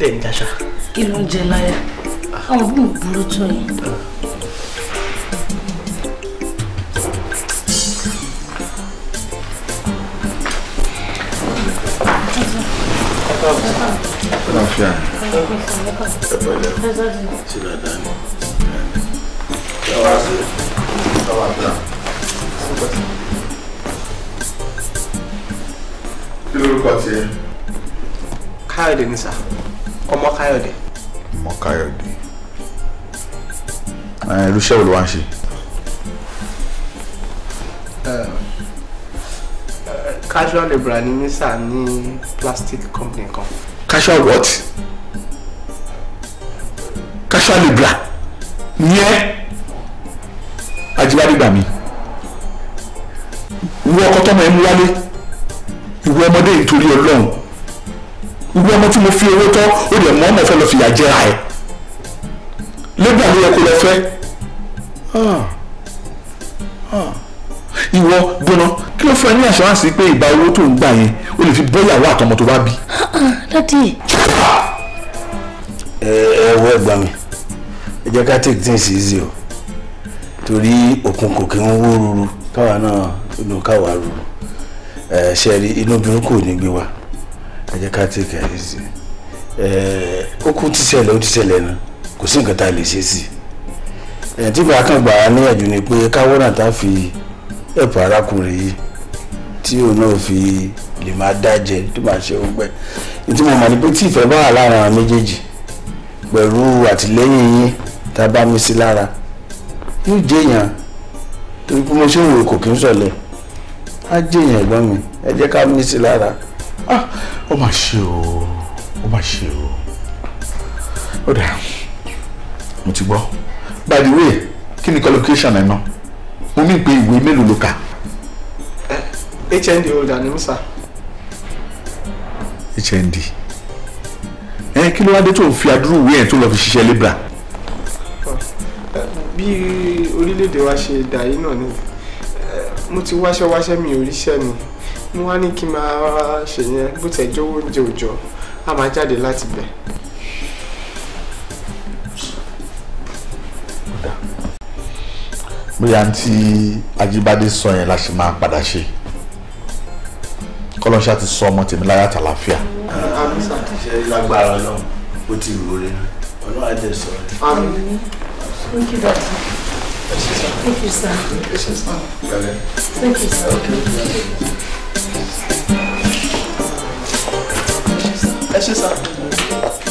dẹ̀ ń jaṣà. kí ló ń jẹ láyà àwọn òbí mi burú tó yẹn. Láfíà. Ẹ pẹ̀lẹ́. Ṣé dáadáa ni? Ṣé wàá ṣe? Ṣé wàá dà? Kí lorúkọ tiẹ̀? Káyọ̀dé ni sá ọmọ káyọ̀dé. ọmọ káyọ̀dé irúṣẹ́ wo ló wá ń ṣe. casual labourer ni mísà ní plastic company kan. casual what? casual labourer yẹn ajibade gbà mí ìwọ ọkọ tọmọ ẹ mú wálé ìwọ ọmọdé nítorí Ọlọ́run ìwé ọmọ tí mo fi owó tọ́ ó lè mọ́ ọmọ fẹ́ lọ fìyà jẹra ẹ̀ lébà ló yẹ kó lọ fẹ́ ah. Ah. ìwọ gbóná kí ló fún ní àṣọ́ránsì pé ìgbà owó tó ń gbà yẹn o lè fi bọ́yàwó àtọmọ tó bá bí. Ah, dádì. ẹ ẹ wọ ẹgbà mi ẹ jẹ́ ká take things easy o torí òkun kò kí ń wó ruru káwa náà inú káwa ruru ẹ ṣe rí inú burúkú ò ní gbé wa ẹ jẹ́ ká tí kẹ̀ ẹ́ sí ó kú tí ṣẹlẹ̀ ó ti ṣẹlẹ̀ nu kò sí nǹkan tá a lè ṣe sí ẹ̀ tí bàá kàn gbà á níyànjú ni pé káwọ́nà tá a fi ẹ̀pọ̀ arákùnrin yìí tí òun náà fi lè máa dájẹ tó máa ṣe ọgbẹ́ ètò mo mọ̀ pé tí ìfẹ́ bá wà lára àwọn méjèèjì pẹ̀lú àtìlẹ́yìn yín tá a bá mi sí lára yóò jẹ́yàn torí pé mo ṣe òun kò kí ń sọ̀lẹ̀ á jẹ́yàn ẹ̀gbọ́n mi ẹ jẹ́ ká mi sí lára. Ah, ó mà ṣe o ó mà ṣe o ó dà mo ti gbọ́ by the way kí ni collocation ẹ̀ náà mo mí pé ìwé mélòó ló kà. HND holder ni musa. HND ẹ kí ló wá dé tó fi àdúrú ìwé yẹn tó lọ fi ṣiṣẹ́ libra. bí orílẹ̀-èdè wa ṣe dà yìí náà ni mo ti wáṣẹ́ wáṣẹ́ mi ò ríṣẹ́ mo wá ní kí n máa ṣe yẹn bó tẹ̀ jówó oúnjẹ òòjọ́ a máa jáde láti bẹ̀. bóyá tí Ajíbádé sọ yẹn la ṣe máa padà ṣe kọlọ́ṣà ti sọ ọmọ tèmi láyà tàlàfíà. àmì sàtìṣe lágbára náà ó ti rò rẹ ọlọ́run á sọ rẹ. Thank you, doctor. Thank you, sir. Thank you, sir. Thank you, sir. é isso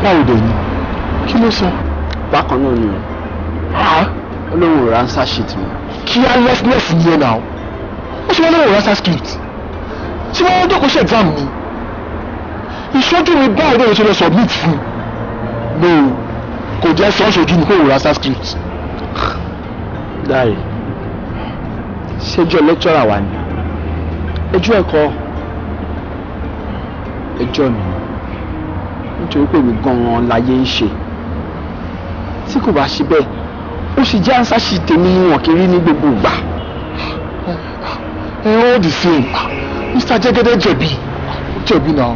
Paul de nou. Ki mè sa? Bakon nou nou. Ah. olówó ransa shit mi. carelessness yẹn náà ó ṣe wọ́n lówó ransa script tí wọ́n dọ́kọ̀ ṣe exam mi ìṣojú mi báyìí lóye ṣe lọ submit fún no kò jẹ́ sọ́ọ́ ṣojú mi kó wò ransa script. dáì ṣéjọ́ lecturer wa ni ẹjọ́ ẹ̀kọ́ ẹjọ́ mi nítorí pé èmi gan-an láyé ń ṣe tí kò bá ṣe bẹ́ẹ̀ ó sì jẹ́ ansa sí tèmi ni wọn kiri ní gbogbo ìgbà. all the same Mr. Jẹ́gẹ́dẹ́ jẹ̀bi jẹ̀bi náà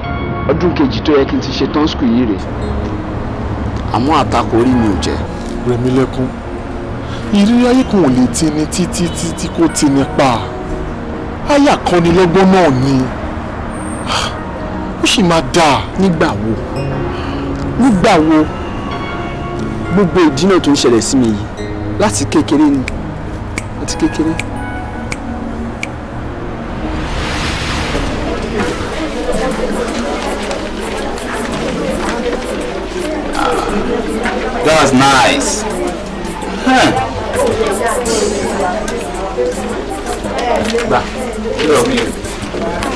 ọdún kejì tó yẹ kí n ti ṣe tán skul yìí rè. àmọ́ àtakò orí mi ò jẹ́. rẹ̀mí lẹ́kún ìrírí ayé kan ò lè ti ni títí títí kó ti ni pa ayé àkọ́nilọ́gbọ́n náà ni ó sì máa dáa nígbà wo nígbà wo gbogbo ìdínà tó ń ṣẹlẹ̀ sí mi yìí láti kékeré ni láti kékeré. was nice. Huh. Bah, love you.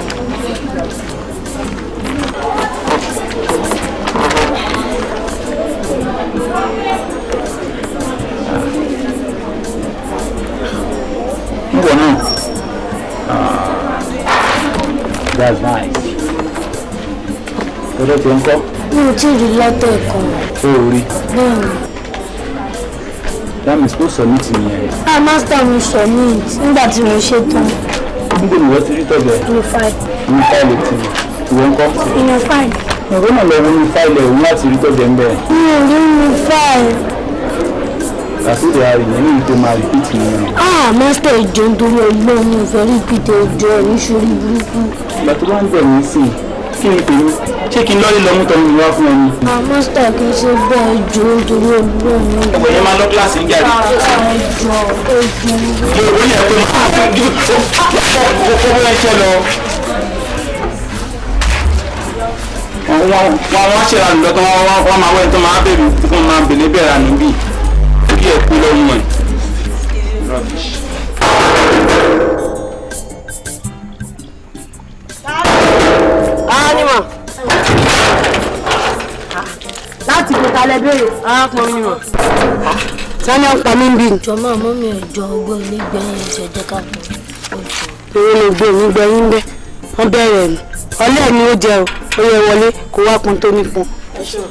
that's nice. Kọ́lé tó ń kọ́. Mi ò tí ì rí lẹ́tọ̀ ẹ̀kọ́. Ṣé o rí? Bẹ́ẹ̀ni. That means kó submit nìyẹn. Ah, master mi submit nígbà tí mo ṣe tán. Níbo ni wọ́n ti rí tọ́jú ẹ̀? fáìlì. Mo fáìlì tì mí. Ìwọ ń kọ́? Ìyẹn fáìlì. Ìwọ náà lọ rí mi fáìlì ẹ̀hún láti rí tọ́jú ń bẹ̀. Mi ò rí mi fáìlì àsìkò ààrẹ ní ìtò máa repeat mi. ah master ìjọ nítorí ọlọ́run mi fẹ́ repeat ọjọ́ ẹ̀ nítorí burúkú. ìgbà tó bá ń bẹ̀ mí sí kí n pèrò ṣé kí n lọ́ọ́ lè lọ mú tọ́ mi wá fún ẹni. ah master kì í ṣe bẹ́ẹ̀ ìjọ nítorí ọlọ́run mi. ọ̀gbọ̀n yẹn máa lọ kíláàsì ń jáde. ìjọ ìjọ. yorùbá yẹn pé máa fẹ́ ju owó ẹ̀ṣẹ̀ lọ. wọ́n wá ṣèrànlọ́tọ́ wọ́n máa wẹ́n tó máa bẹ̀rù fún máa bèlè bẹ̀rẹ̀ àníbì kí ẹ kú lọ́mọ ẹ̀. Anima. Láti kò kalẹ̀ béèrè. Arákùnrin mi mọ̀. Sani ọ̀pá mi ń bì. Ìjọ máa mú mi ìjọ ọgbọ́n nígbà yẹn ṣe jẹ́ ká pọ̀. Owó lè gbé mi gbẹ yín bẹ́. Wọ́n bẹ̀rẹ̀ ni. Ọlẹ́ẹ̀ ni ó jẹ o. Ó yẹ wọlé kó wá kun tó nípọn. Ẹ ṣeun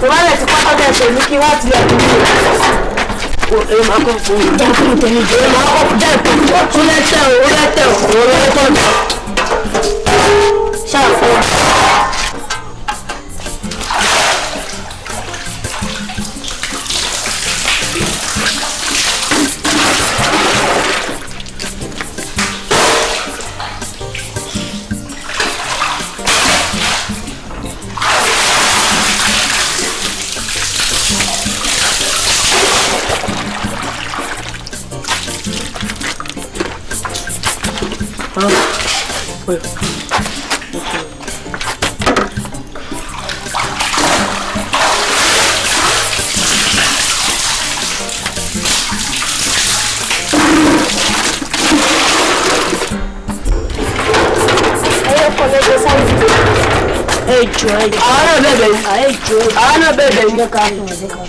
tó bá lẹ̀ ti kọ́kọ́ bẹ̀ ṣe ní kí wọ́n ti lẹ̀ kú yìí. Ẹ máa kọ́ fún mi. Dẹ́kun tẹ̀lé jẹ́. Ẹ máa kọ́ dẹ́kun tó tún lẹ́tẹ̀ o, ó lẹ́tẹ̀ o, ó lẹ́tọ̀ o. Ṣáà fún wa. koy. Hey çoğu. Ana bebeğim. Hey çoğu. Ana bebeğim. Ana bebeğim.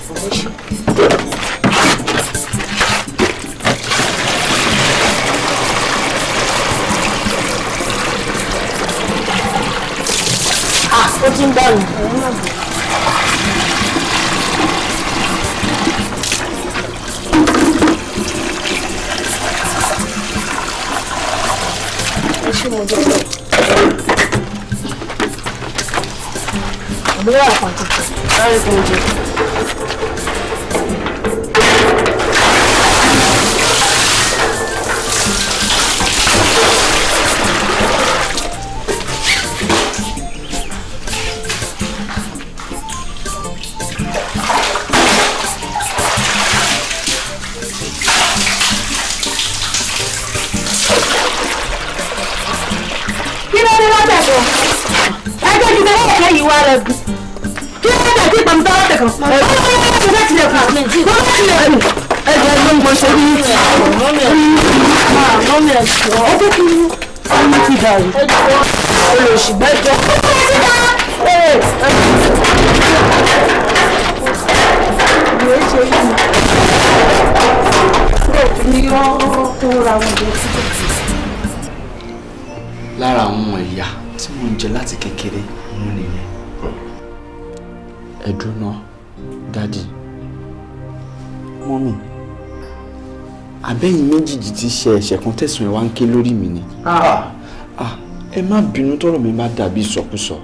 méjì ti ṣe ẹ̀ṣẹ̀ kan tẹ̀sùn ẹ̀ wá ń ké lórí mi ni. Ah. Ah, ah, ẹ má bínú tọrọ mi má dàbí ìsọkúsọ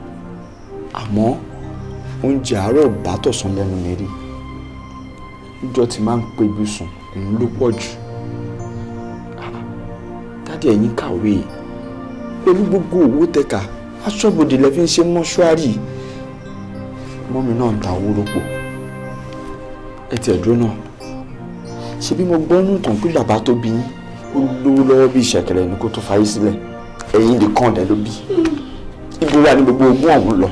àmọ́ oúnjẹ àárọ̀ bàtọ̀sán lẹ́nu mi rí ìjọ tí máa ń pe ibi sùn òun ló pọ̀ jù dádì ẹ̀yìn kàwé pẹ̀lú gbogbo owó tẹ̀ka aṣọ́bodè lẹ́ fi ń ṣe mọ́ṣúárì mọ́mi náà ń ta owó rọ́pò ẹ tiẹ̀ náà ṣe bí mo gbọ́ nínú ìtàn pé bàbá tó bí yín ó lówó lọ́wọ́ bí ìṣẹ̀kẹ̀rẹ̀ ni kó tó fayé sílẹ̀ ẹ̀yin lè kàn dẹ́ ló bí ibo wa ni gbogbo ogún ọ̀hún lọ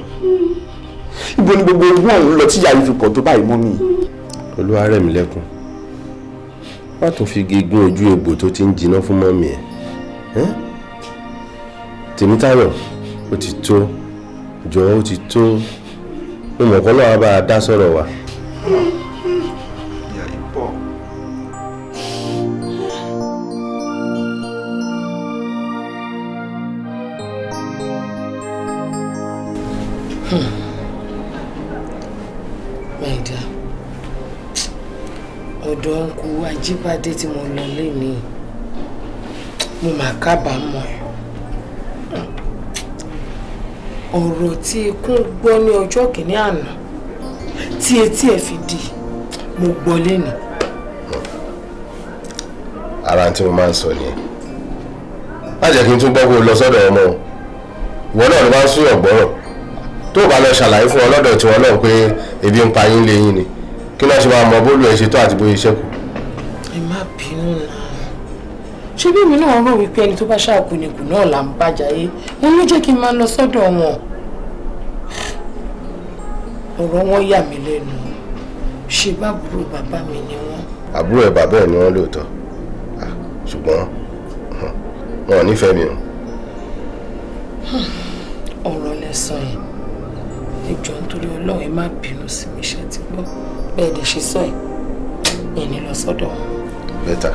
ibo ni gbogbo ogún ọ̀hún lọ tí ìyá yìí fi pọ̀ tó báyìí mọ́ mi. olúwa rẹ̀ mí lẹ́kùn má tún fi gígùn ojú egbò tó ti ń jiná fún mọ́mì ẹ̀ tèmítayọ̀ ó ti tó jọ̀ọ́ ó ti tó mo mọ̀ kọ́ lọ́wọ́ bá a dá sọ̀rọ̀ wa. Jíbádé tí mo lọ lénìí mo máa kábàámọ̀ ẹ̀ ọ̀rọ̀ tí ikún gbọ́ ní ọjọ́ kìíní àná tí etí ẹ̀ fi di mo gbọ́ lénìí. ara tí mo máa ń sọ nìyẹn má jẹ́ kí n tún gbọ́ pé o lọ sọ́dọ̀ ọmọ o ìwọ náà ló máa ń súyàn gbọ́rọ̀ tó o bá lọ ṣàlàyé fún ọ lọ́dọ̀ tiwọn náà pé ebi ń pa yín lẹ́yìn ni kí náà ṣe máa mọ bólú ẹ̀ ṣètò àti bóyá iṣẹ́ kù ẹ má bínú náà ṣé bí èmi náà rò wípé ẹni tó bá ṣáàkú ni kù náà là ń bàjá yé wọn ló jẹ́ kí n máa lọ sọ́dọ̀ wọn ọ̀rọ̀ wọn yà mí lẹ́nu ṣe bábúrò bàbá mi ni wọ́n. àbúrò ẹ̀ bàbá ẹ̀ ni wọ́n lóòótọ́ ṣùgbọ́n wọn ò nífẹ̀ẹ́ mi o. ọ̀rọ̀ lẹ́sàn yìí ìjọ nítorí ọlọ́run ẹ má bínú sí mi ṣe ti gbọ́ bẹ́ẹ̀ dẹ̀ ṣe sọ ẹ̀ ẹ̀ lọ sọ́dọ̀ wọn better.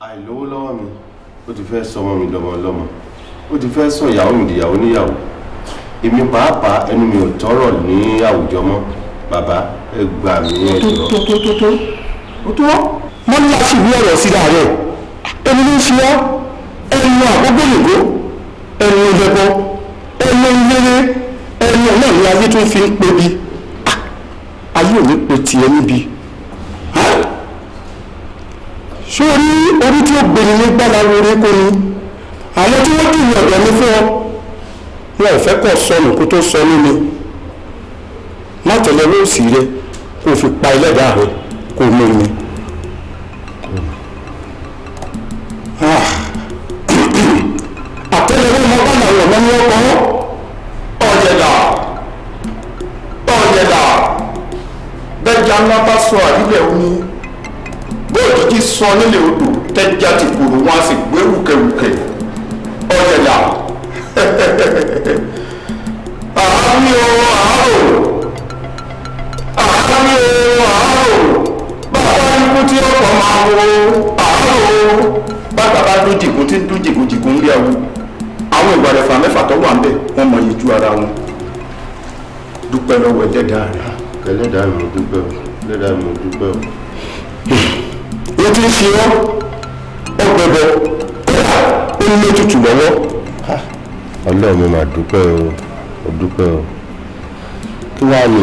àìlówó lọ́wọ́ mi ó ti fẹ́ sọ ọmọ mi lọ́mọ lọ́mọ ó ti fẹ́ sọ ìyàwó mi dìyàwó níyàwó èmi pàápàá ẹnu mi ò tọrọ ní àwùjọ mọ́ bàbá ẹ gbà mí ẹ jọ. tó tó tó tó ó tó mọ́ ní láti rí ọ̀rọ̀ sí láàárọ̀ ẹni ló ń ṣe ọ́ ẹni náà ó gbé nìgó ẹni ló ń bẹ́bọ́ ẹni ló ń lérè ẹyẹ náà ni ayé tó fi ń pebi ah, ayé ò ní pe tiẹ̀ níbi sórí orí tí ó gbèrè ní gbàdá lórí kò ní àwọn tí wọ́n kì í ọ̀dọ̀ ní fún ọ wọn ò fẹ́ kọ́ sọnù kó tó sọ nílé má tẹ̀lé lóòsì rẹ kó o fi pa ẹlẹ́dàá rẹ kó o mú mi.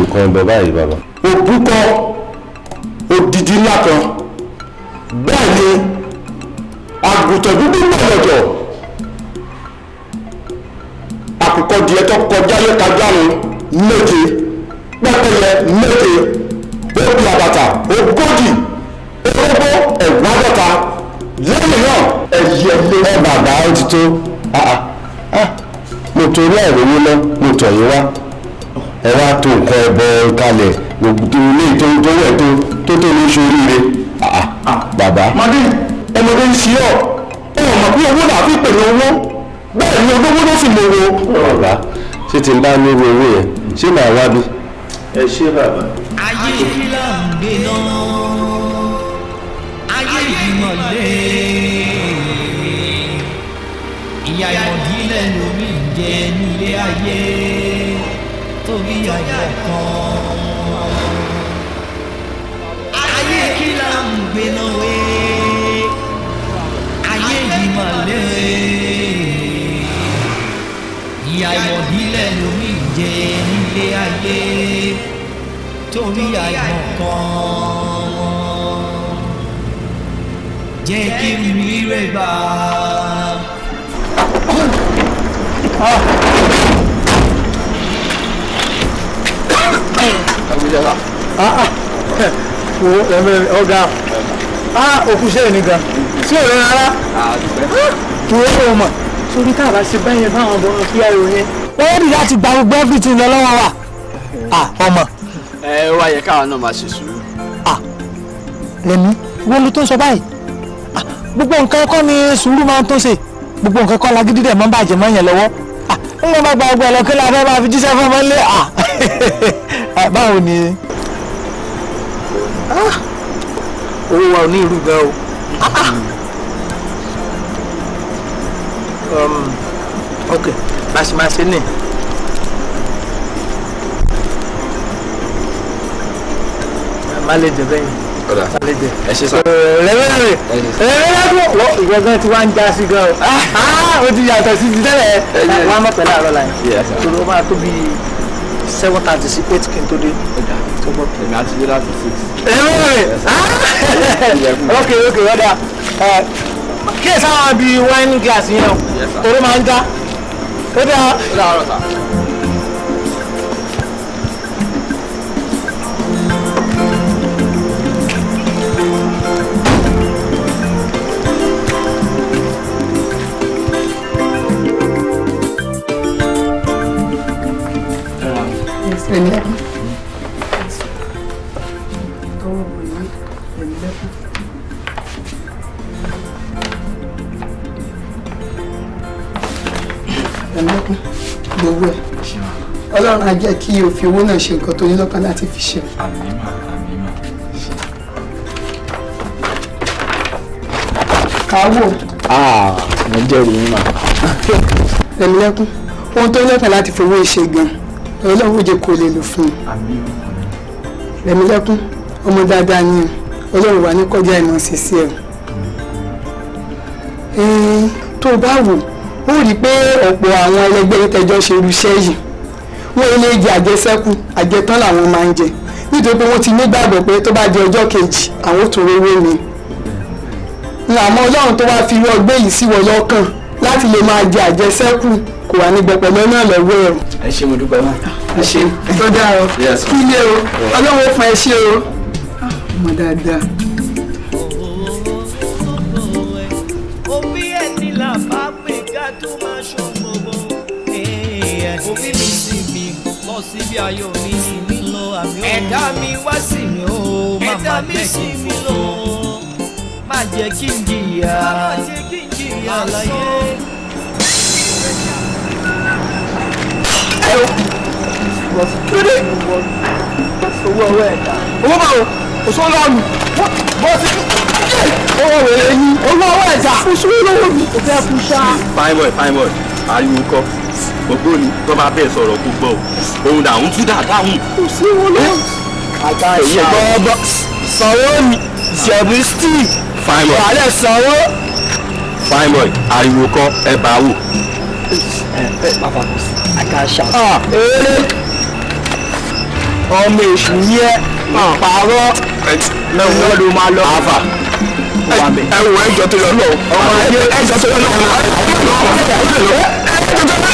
nǹkan bẹ báyìí bàbá. bàbá. madi ẹmọdé ń ṣe ọ ó mọ̀ bí owó làá fi pèlè owó bẹ́ẹ̀ ni olówó ló fi lòwò. bàbá ṣé ti ń bá ní owó yẹn ṣé màá wá bí. ẹ ṣé bàbá. ayé kan jẹ́ kí n rí rẹ̀ bá. ọ̀gá ah, òkú sẹ́yìn nìkan sí ọ̀rẹ́ rárá kí ah, ó mọ̀ torí tá a bá ṣe bẹ́yẹn fáwọn ọmọ fíyàwó yẹn. ó rí láti gba gbogbo everything lọ lọ́wọ́ wa ah, ọmọ ẹ ó wá yẹ káwọn náà máa ṣe sùúrù. lẹ́mí wọ́n ló tó ń sọ báyìí gbogbo nǹkan kọ́ ni sùúrù máa ń tó ṣe gbogbo nǹkan kọ́ lagídí dẹ̀ máa ń bàjẹ́ mọ́ yẹn lọ́wọ́ ń wọ́n bá gba ọgbà ẹ̀lọ́ kí ló fẹ́ máa fi jíṣẹ́ fún ọmọ ilé báwo ni. owó wa ò ní ìlú gan o. Um, ok bá a ṣe máa ṣe nìyẹn. má lè jẹ bẹ́yìn má lè jẹ. ẹ ṣe sá. rẹ̀rẹ̀rẹ̀ rẹ̀rẹ̀rẹ̀ wọ ìwọ gan ti wá ń já sí gan o o ti yàtọ̀ sí ti tẹ́lẹ̀ wọn á mọ̀ pẹ̀lú àárọ̀ láyé tòrò máa tó bí seven thirty sí eight kí n tó dé. èmi àti yóò láti six. rẹ̀rẹ̀rẹ̀ ah. ok ok ọ̀dà kí ẹ sáwọn bíi wine glass yẹn o tòrò máa ń já ó dáa. ó dáa ọ̀rọ̀ sá. jẹ́ kí o fi owó náà ṣe nǹkan tó ní lọ́kàn láti fi ṣe. àmì máa àmì máa. káwọ. mo jẹ́rìí yín mà. rẹ̀mílẹ́kún ohun tó ní lọ́kàn láti fowó ṣe gan-an ọlọ́run jẹ́ kó lè lò fún un rẹ̀mílẹ́kún ọmọ dáadáa ni ọlọ́run wà ní kọjá ìmọ̀ sísí ẹ̀ tó bá wò ó rí i pé ọ̀pọ̀ àwọn ẹlẹgbẹ́ yìí tẹjọ́ ṣe irúṣẹ́ yìí wọn ò lè jẹ àjẹsẹ́kù àjẹtán làwọn máa ń jẹ nítorí pé wọ́n ti nígbàgbọ́ pé tó bá di ọjọ́ kejì àwọn ò tó rówó ni làmọ́ ọlọ́run tó wáá fi irú ọgbẹ́ yìí sí wọ lọ́kàn láti lè máa jẹ àjẹsẹ́kù kò wá ní gbẹpẹlẹ náà lọ́wọ́ ẹ̀rù. ẹ ṣe mo dúpẹ́ mọ́. ẹ ṣe tó dáa o kí ilé o ọlọ́run ó fún ẹ ṣe o. Ah, ọmọ dáadáa. síbi ayọ̀ mi sì mí lọ àmì òun. ẹ̀dá mi wá sí mi ó máa má jẹ́ kí n fò. má jẹ́ kí n jìyà aláyé. owó ọwọ́ ẹ̀dá. owó máa wọ òṣùwọ̀n lọ́ọ̀nù owó wẹ̀rẹ̀ yín owó ọwọ́ ẹ̀dá. òṣùwọ̀n lọ́wọ́ mi kò fẹ́ kú ṣá. fine boy fine boy ariwo kọ gbogbo ni tó bá bẹ́ẹ̀ sọ̀rọ̀ kó gbọ́ o òun là ń tú dáadáa hùn. kò sí wọn lọ. àga ìyá bọ́ọ̀bọ́ sanwó ni jẹ̀bú steve. fine boy wàhálẹ̀ sanwó. fine boy ariwo kọ ẹ bá wò. ẹ bàbá kò sí àga ah, ṣá. eré ọmọ èṣù yẹ pààrọ̀ lọ́wọ́ ló máa lọ. àfà ẹ wọ ẹjọ tó lọ ọmọ ayé ẹjọ tó lọ ọmọ ayé ẹjọ tó lọ lọ.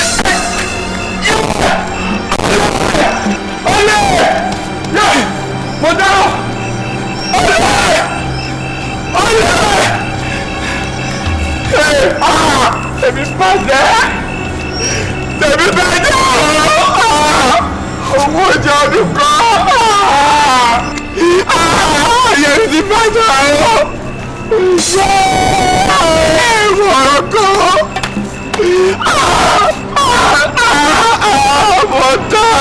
tèmi bàjẹ́ tèmi bàjẹ́ owó ọjà ọdún kan yẹmi ti bàjẹ́ ọ̀rọ̀ ẹ̀rù ọ̀rọ̀ kan mo tán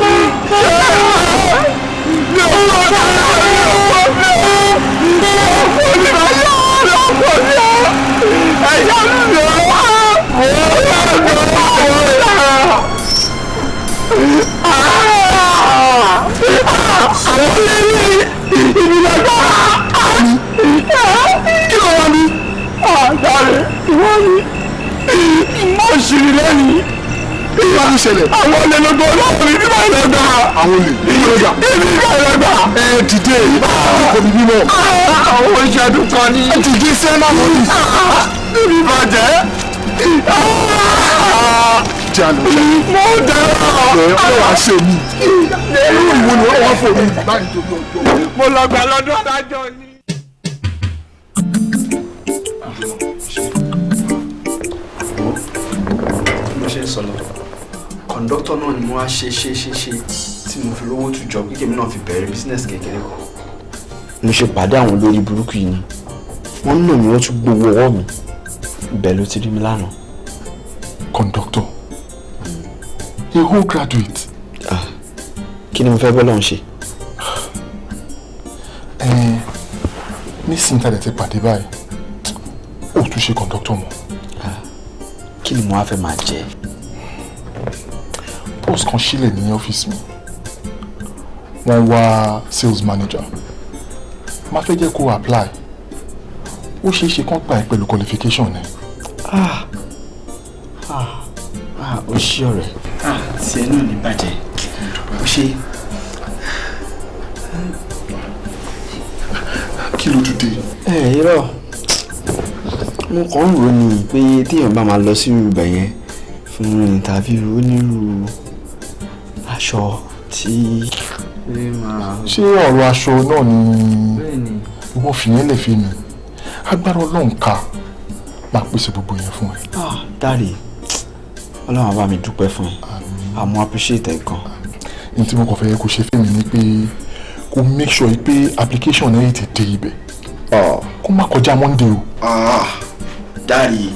ọ́ yẹ́n mi ò wọ́n tán ọ́. ṣẹlẹ̀. àwọn olè ló gbọ́ lọ́wọ́ mi nígbà yẹn lọ́gbà. àwọn olè nígbà yẹn lọ́gbà. nígbà yẹn lọ́gbà. ẹ dìde kò ní bímọ. àwọn oṣù àdúgbò ni. ẹ dìde sẹ́nà lórí bí mi bàjẹ́ jalo mo dara ẹ ọ wá ṣe mi irú ìwo ni wọn wá fò mí. mo lọ gbà lọ́dún adájọ́ ni. mo ṣe ń sọ lọ kọ̀ǹdọ́tọ̀ náà ni mo wá ṣe ṣe ṣe ṣe tí mo fi rówó tún jọ kíkẹ́ mi náà fi bẹ̀rẹ̀ bísínẹ́sì kékeré kan. mo ṣe pàdé àwọn olórí burúkú yìí ni wọ́n nà mí wọ́n tún gbowó ọwọ́ mi bẹ́ẹ̀ ló Milano. conductor a whole graduate. ah kí ni mo fẹ́ bọ́lọ̀ ń ṣe. nísìnyí tá a lè ti pàdé báyìí ó tún ṣe conductor mọ́. Ah, kí ni mo wá fẹ́ máa post kan sílẹ̀ ní ọ́fíìsì mi wọ́n wá sales manager máa fẹ́ jẹ́ kó apply ó ṣeé ṣe kán gbà ẹ́ pẹ̀lú qualification Eh? Ah, ah, ah, ó ṣí ọ̀rẹ́. tí ẹ náà ní bàjẹ́ ó ṣe. kí ló dìde. ẹ irọ́ mo kàn ń rò ní pé téèyàn bá máa lọ sí irú ibẹ̀ yẹn fún ìtàfíù onírúurú aṣọ tí. ṣé ọ̀rọ̀ aṣọ náà ni wọ́n fi yẹn lè fi nù agbára ọlọ́run ká bá pèsè gbogbo yẹn fún ẹ. Ah, dáàdì ọlọ́run àbá mi dúpẹ́ fún ẹ àmọ́ appreciate ẹ gan. ní tí mo kàn fẹ́ kó ṣe fún mi ni pé kó make sure pé application náà ti dé ibẹ̀ ah. kó má kọjá Monday o. Ah, dáàdì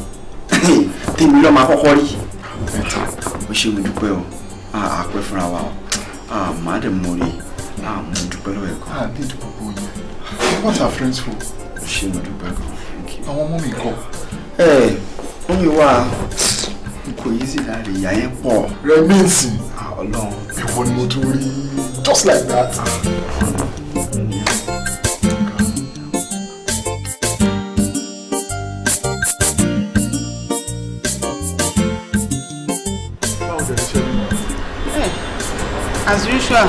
tèmi lọ́ọ́ máa kọ́kọ́ rí ó ṣe mi dúpẹ́ o àpẹ́ fúnra wa o màá dẹ̀ mọ̀ rí àmọ́ dúpẹ́ lọ́wọ́ ẹ̀kọ́. àdéhùn gbogbo yẹn what are friends for. ó ṣe mi dúpẹ́ gan. àwọn ọmọ mi kọ́ ẹ eh, fún mi wá kò yí sí láre ìyá yẹn pọ̀. rẹmíǹsì Ọlọ́run ìwọ ni mo tún rí just like that. Eh, as usual.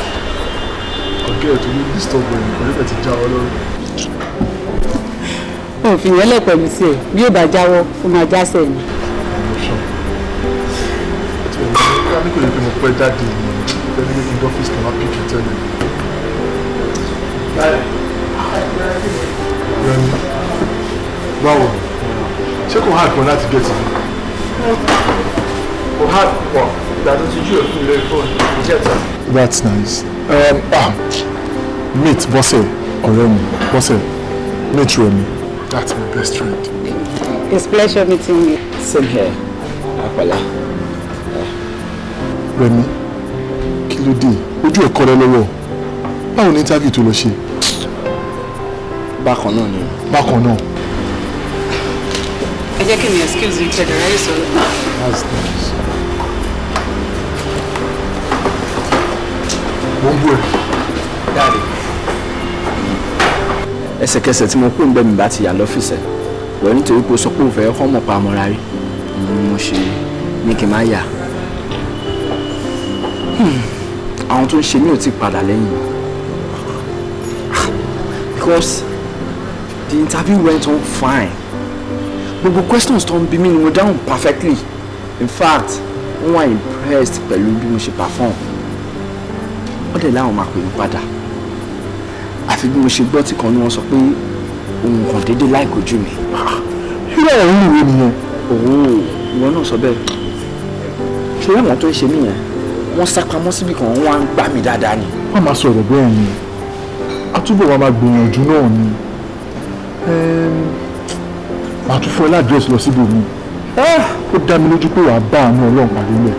ọ̀gá ẹ̀ tó ní disturb ẹ̀ nípa nípa ti já ọ lọ́rùn ò fi yẹn lẹ̀ pẹ̀lú sí ẹ̀ bí ò bá jáwọ́ ó máa jásẹ̀ ni. kò lè fi mo pẹ́ jáde lẹ́nu méjì dọ́fíìsì kan máa pí kí tẹ́lẹ̀. Yọ̀ni, báwo ni? Ṣé kò hard kan láti gẹ̀ẹ́tì? Kò hard pọ̀, ìdájọ́ ti jú òfin lórí fóònù, kò jẹ́ta. That's nice. Um, ah, mate Bọ́sẹ̀ ọ̀rẹ́ mi, Bọ́sẹ̀ mate Rẹ̀mi. That's my best friend. It's a pleasure meeting you. Same here. Apala. Rẹ̀mí, kí ló dé? Ojú ẹ̀kọ́ rẹ lọ́wọ́. I will interview to lọ Back Bákan náà ni. Bákan náà. Ẹ jẹ́ kí mi excuse you, Cheddar. Ẹ sọ̀rọ̀. That's nice. Wọ́n bú ẹ̀ ẹsẹ̀kẹsẹ̀ tí mo kú ń bẹ́ẹ̀ mi bá ti yà lọ́fíìsẹ̀ wọ́n nítorí pé o sọ pé o fẹ́ họ́mọ̀ pa àmọ́ra rí mo ṣe ní kí n má yà hmm. àwọn tó ń ṣe mí ò ti padà lẹ́yìn because the interview went on fine gbogbo questions tó ń bi mí ni mo dáhùn perfectly in fact wọ́n wá impressed pẹ̀lú bí mo ṣe perform wọ́n dẹ̀ láwọn máa pè mí padà àfi bí mo ṣe gbọ́ tí kan ni wọ́n sọ pé ohun kan déédéé láìkojú mi. irú ẹ̀rọ ń wo nìyẹn. òun ìwọ náà sọ bẹ́ẹ̀ ṣé àwọn tó ń ṣe nìyẹn wọ́n sá pamọ́ síbi kan wọ́n á ń gbà mí dáadáa ni. wọ́n máa sọ̀rọ̀ bẹ́ẹ̀ ni àtúbọ̀ wa máa gbìyànjú náà ni màá tún fún ẹ ládírẹ́sì lọ síbi mi ah! ó dá mi lójú pé wàá bá àánú ọlọ́run pàdé lẹ̀.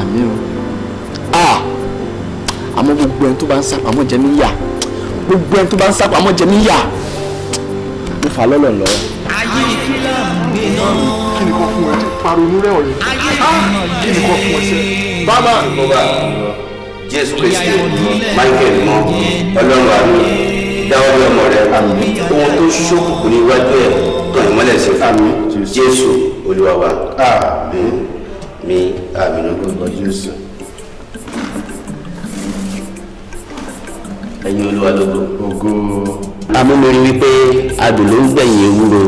àmì o ah! àmọ́ gbogbo ẹni tó bá ń sá pamọ́ jẹ mí yà gbogbo ẹni tó bá ń sápamọ́ jẹ mí mo fà lọ́lọ́ lọ́wọ́. ayé ìkìlá mi náà. kí ni kò fún ẹ paronú rẹ ọ̀rẹ́ ah! kí ni kò fún ẹ sẹ. bàbá bàbá jésù kristi michael mọ ọlọ́run àmì dáwọ́lé ọmọ rẹ ohun tó ṣókùnkùn níwájú ẹ tàn ìmọ́lẹ̀ sí fún mi jésù olúwa wa ah. àmín mi àmín lórúkọ jésù. ẹ̀yin olúwa lógo. ògo. amúmiri wípé adùn ló ń gbẹ̀yìn ewúro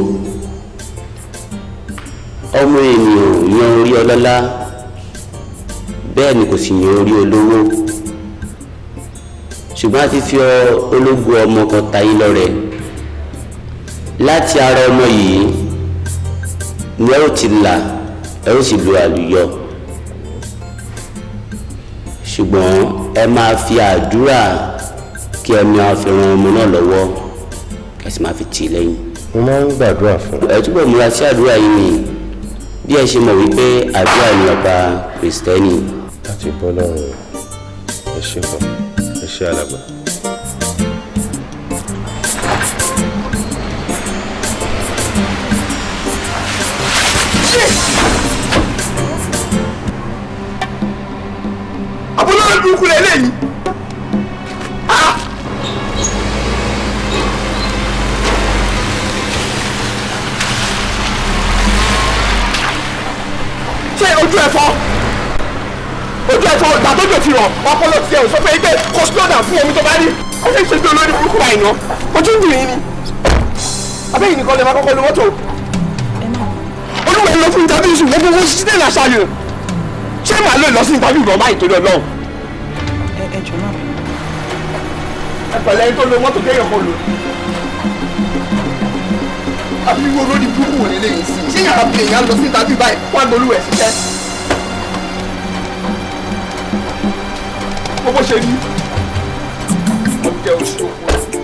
ọmọ ènìyàn yan orí ọlọ́lá bẹ́ẹ̀ ni kò sì yan orí olówó ṣùgbọ́n a ti fi ológo ọmọ kan ta yín lọ́rẹ láti ara ọmọ yìí ni ẹ ó ti là ẹ ó sì lu àlùyọ ṣùgbọ́n ẹ máa fi àdúrà kí ẹ ní àfihàn ọmọ náà lọ́wọ́ kí ẹ sì máa fi tì í lẹ́yìn. mo máa ń gbàdúrà fún. ẹ túbọ̀ múra sí àdúrà yìí ni bí ẹ ṣe mọ̀ wípé àdúrà ni ọba kìrìsìtẹ́nì. láti bọ́ lọ́rùn ẹ ṣe kọ ẹ ṣe alàgbà. àbúrò ìlú kulẹ̀ lẹ́yìn. ojú ẹ̀fọ́ ojú ẹ̀fọ́ ìgbà tó jò ti rọ̀ ọpọlọ ti ẹ̀rù sọ pé pé kò slọ́dà fún omi tó bá rí ó lè ṣe bí olórí burúkú wa ìná ojú ń dùn yín ni abẹ́yìn nìkan lè máa kọ́kọ́ lo mọ́tò olúwa ló fún ìtàbí ìṣù gbogbo wọn sí dènà ṣayò ṣé màá lò lọ sí ìtàbí ìbọn báyìí torí ọlọ́run. ẹ ẹ jọ náà. ẹ pẹ̀lẹ́ tó lo mọ́tò kéèyàn kan lò àbí wo lórí burúkú wò lélẹ́yìn sí i ṣé yàrá bí èèyàn lọ sí ìtàbí báyìí wọn gbọ́dọ̀ ẹ̀ ṣiṣẹ́. mọ bó ṣe rí mo jẹ oṣù òkú.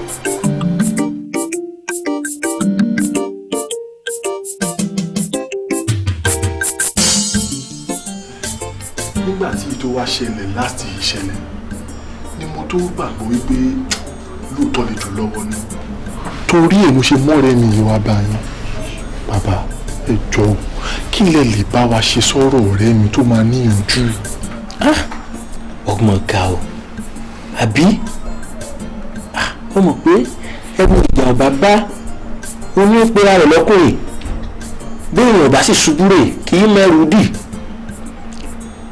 nígbà tí ètò wa ṣẹlẹ̀ láti ìṣẹ̀lẹ̀ ni mo tó gbàgbọ́ wípé lóòótọ́ lè jù lọ́wọ́ ni torí èmo ṣe mọ́rẹ̀ mi ìwà báyìí bàbá ẹ jọ̀ọ́ kí lẹ lè bá wa ṣe sọ̀rọ̀ ọ̀rẹ́ mi tó máa níyànjú. ah mọ̀ ga o àbí ah, ó mọ̀ pé ẹni ìjàmbá bá oní ìpera rẹ̀ lọ́kùnrin béèyàn ọba sì ṣubú rè kì í mẹ́rù dì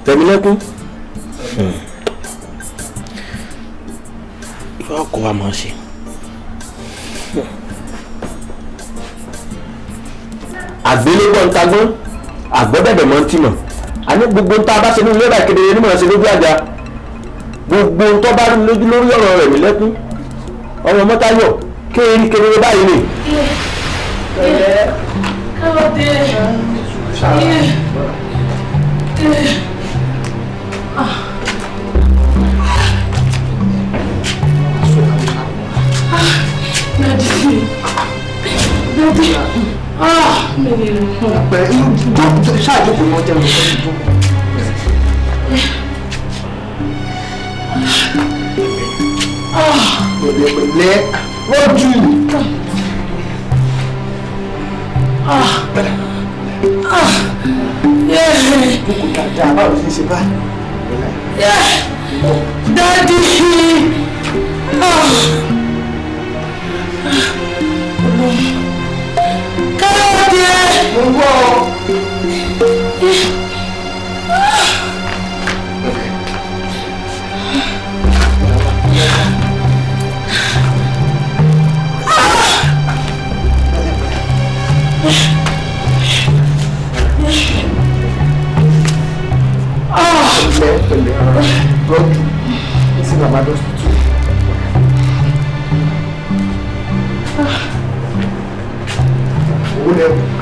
tẹ̀mí lẹ́kún. ìfẹ́ hmm. ọkọ̀ wa máa ṣe. àgbélébọ̀ ń tagbọ́n àgbọ́dẹ̀dẹ̀ mọ́ ń tì àní gbogbo ń ta bá ṣe ní ilé ìbàkẹ́dẹ̀ onímọ̀ ṣe lójú àjà gbogbo tó bá rí lójú lórí ọ̀rọ̀ rẹ̀ mí lẹ́kún ọmọ mọ́tayọ̀ kéèrí kékeré báyìí ni. Dadi, dadi, ah, Ah. Ah. mi ni. Ṣáàjú kò mọ jẹun lọ́dún tó. pẹ̀lẹ́pẹ̀lẹ́ lójú. Bùkù dáadáa báwo ṣe ń ṣe báyìí? Dádì! Káyọ̀dé! Mo ń gbọ́ ọ. pẹ̀lẹ́ pẹ̀lẹ́ ah.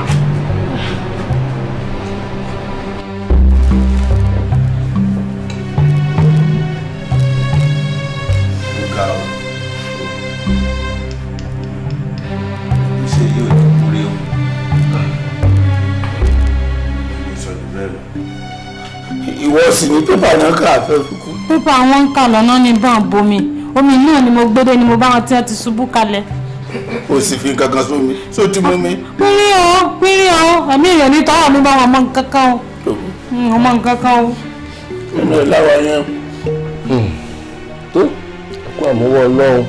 ìwọ sì ni pépà náà kà fẹ́ kúkú. pépà wọn ń kà lọ́nà ní bọ́ǹbù mi omi náà ni mo gbédé ni mo bá wọn tí wọn ti ṣubú kalẹ̀. o sì fi nǹkan kan sómi sójú mú mi. pínrín ah, o pínrín o ẹ̀mí rẹ̀ ní tọ́wọ́ mi bá wọn mọ nǹkan kan o hmm. wọn mọ nǹkan kan o. ẹnu ẹ̀ láwa yẹn. Hmm. tó ẹ̀kú àmúwọ́ ọlọ́run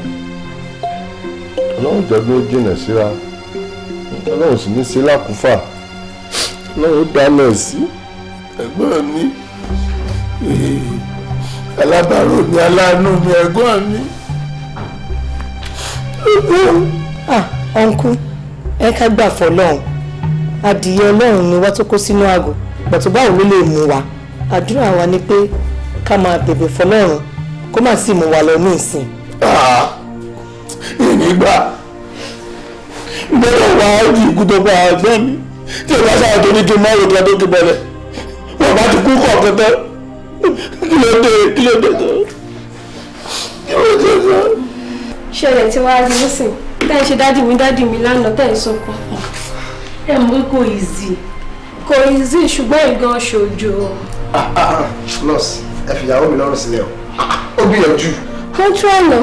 ọlọ́run jẹ́ bí ó jìnà síra ọlọ́run sì ní sí lákùúfà ọlọ́run dáná ẹ̀ sí ẹ̀gbọ́n mi alábàárò ni aláàánú mi ẹ̀gbọ́n mi. ọ̀nkú ah, ẹ ká gbà fọlọ́run adìyẹ ọlọ́run ni wọ́n tó kó sínú àgò pẹ̀tù báwo ló lè mú wa àdúrà wa ni pé ká máa bèbè fọlọ́run kó má sì mú wa lọ ní ìsìn. Ah, ìnígbà bẹ́ẹ̀ wá ojú ikú bá a gbẹ́ mi tí ìbáṣà tó ní kí n má wò kí n tó kí bẹ̀rẹ̀ wọ́n bá ti kú kọ̀ọ̀kan tán kí ló dé kí ló dé tó kí ló dé tó. ṣẹlẹ̀ tí wàá rí nísìn tẹ́ ẹ ṣe dádì mi dádì mi lánàá tẹ́ ẹ sọkọ ẹ mú kò ìzì kò ìzì ṣùgbọ́n ìgan ṣojo. Ah, ah, ah, nurse ẹ fìyàwó mi lọ́rùn sílẹ̀ o ó gbìyànjú. wọ́n tún ẹ̀ lọ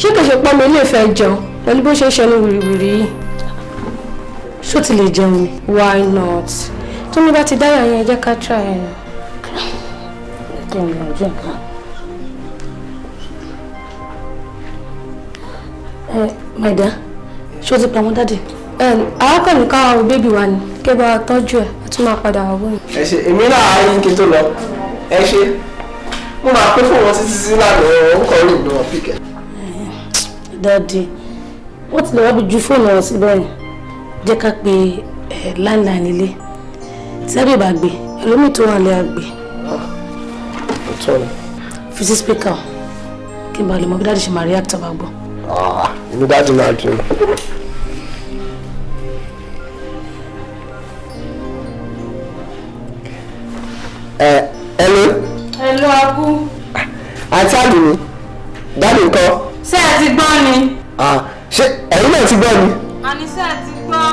ṣé kò ṣe pọ́n mi ilé ìfẹ́ jẹun pẹ̀lú bó ṣe ń ṣẹnu wìrìwìrì yìí ṣó ti lè jẹun ni why not tó ní bá ti dáyà yẹn ẹ jẹ́ ká tra ẹ̀ nù. kí ṣé o ti pa wọn dáàdì. ẹ àákàn ní àwọn bébì wa ni kí ẹ bá tọ́jú ẹ tún máa padà wà wọ́n. ẹ ṣe èmi náà á yín kí tó lọ ẹ ṣe mo máa pé fún wọn títí sí lánàá wọn orí ìlú wọn pìkẹ. dáàdì wọ́n ti lọ́ọ́ bí ju fóònù wọn síbẹ̀ jẹ́ ká pe láńláńlélẹ́ sẹ́bí bá gbé ẹlòmíì tó wà lé àgbẹ̀. Ah, ọ̀tọ̀ ni. fisi spika o kí n bá lè mọ bí dáàdì ṣe máa react bá gbọ́. Ah, inú dáàdì náà dùn. ẹ eh, ẹlò. ẹlò akú. àti àlùmí dáàdì ńkọ́. ṣé ẹ ti gbọ́ ni. Ah, ṣé ẹ̀yin náà ti gbọ́ ni. àní ṣé gbọ́.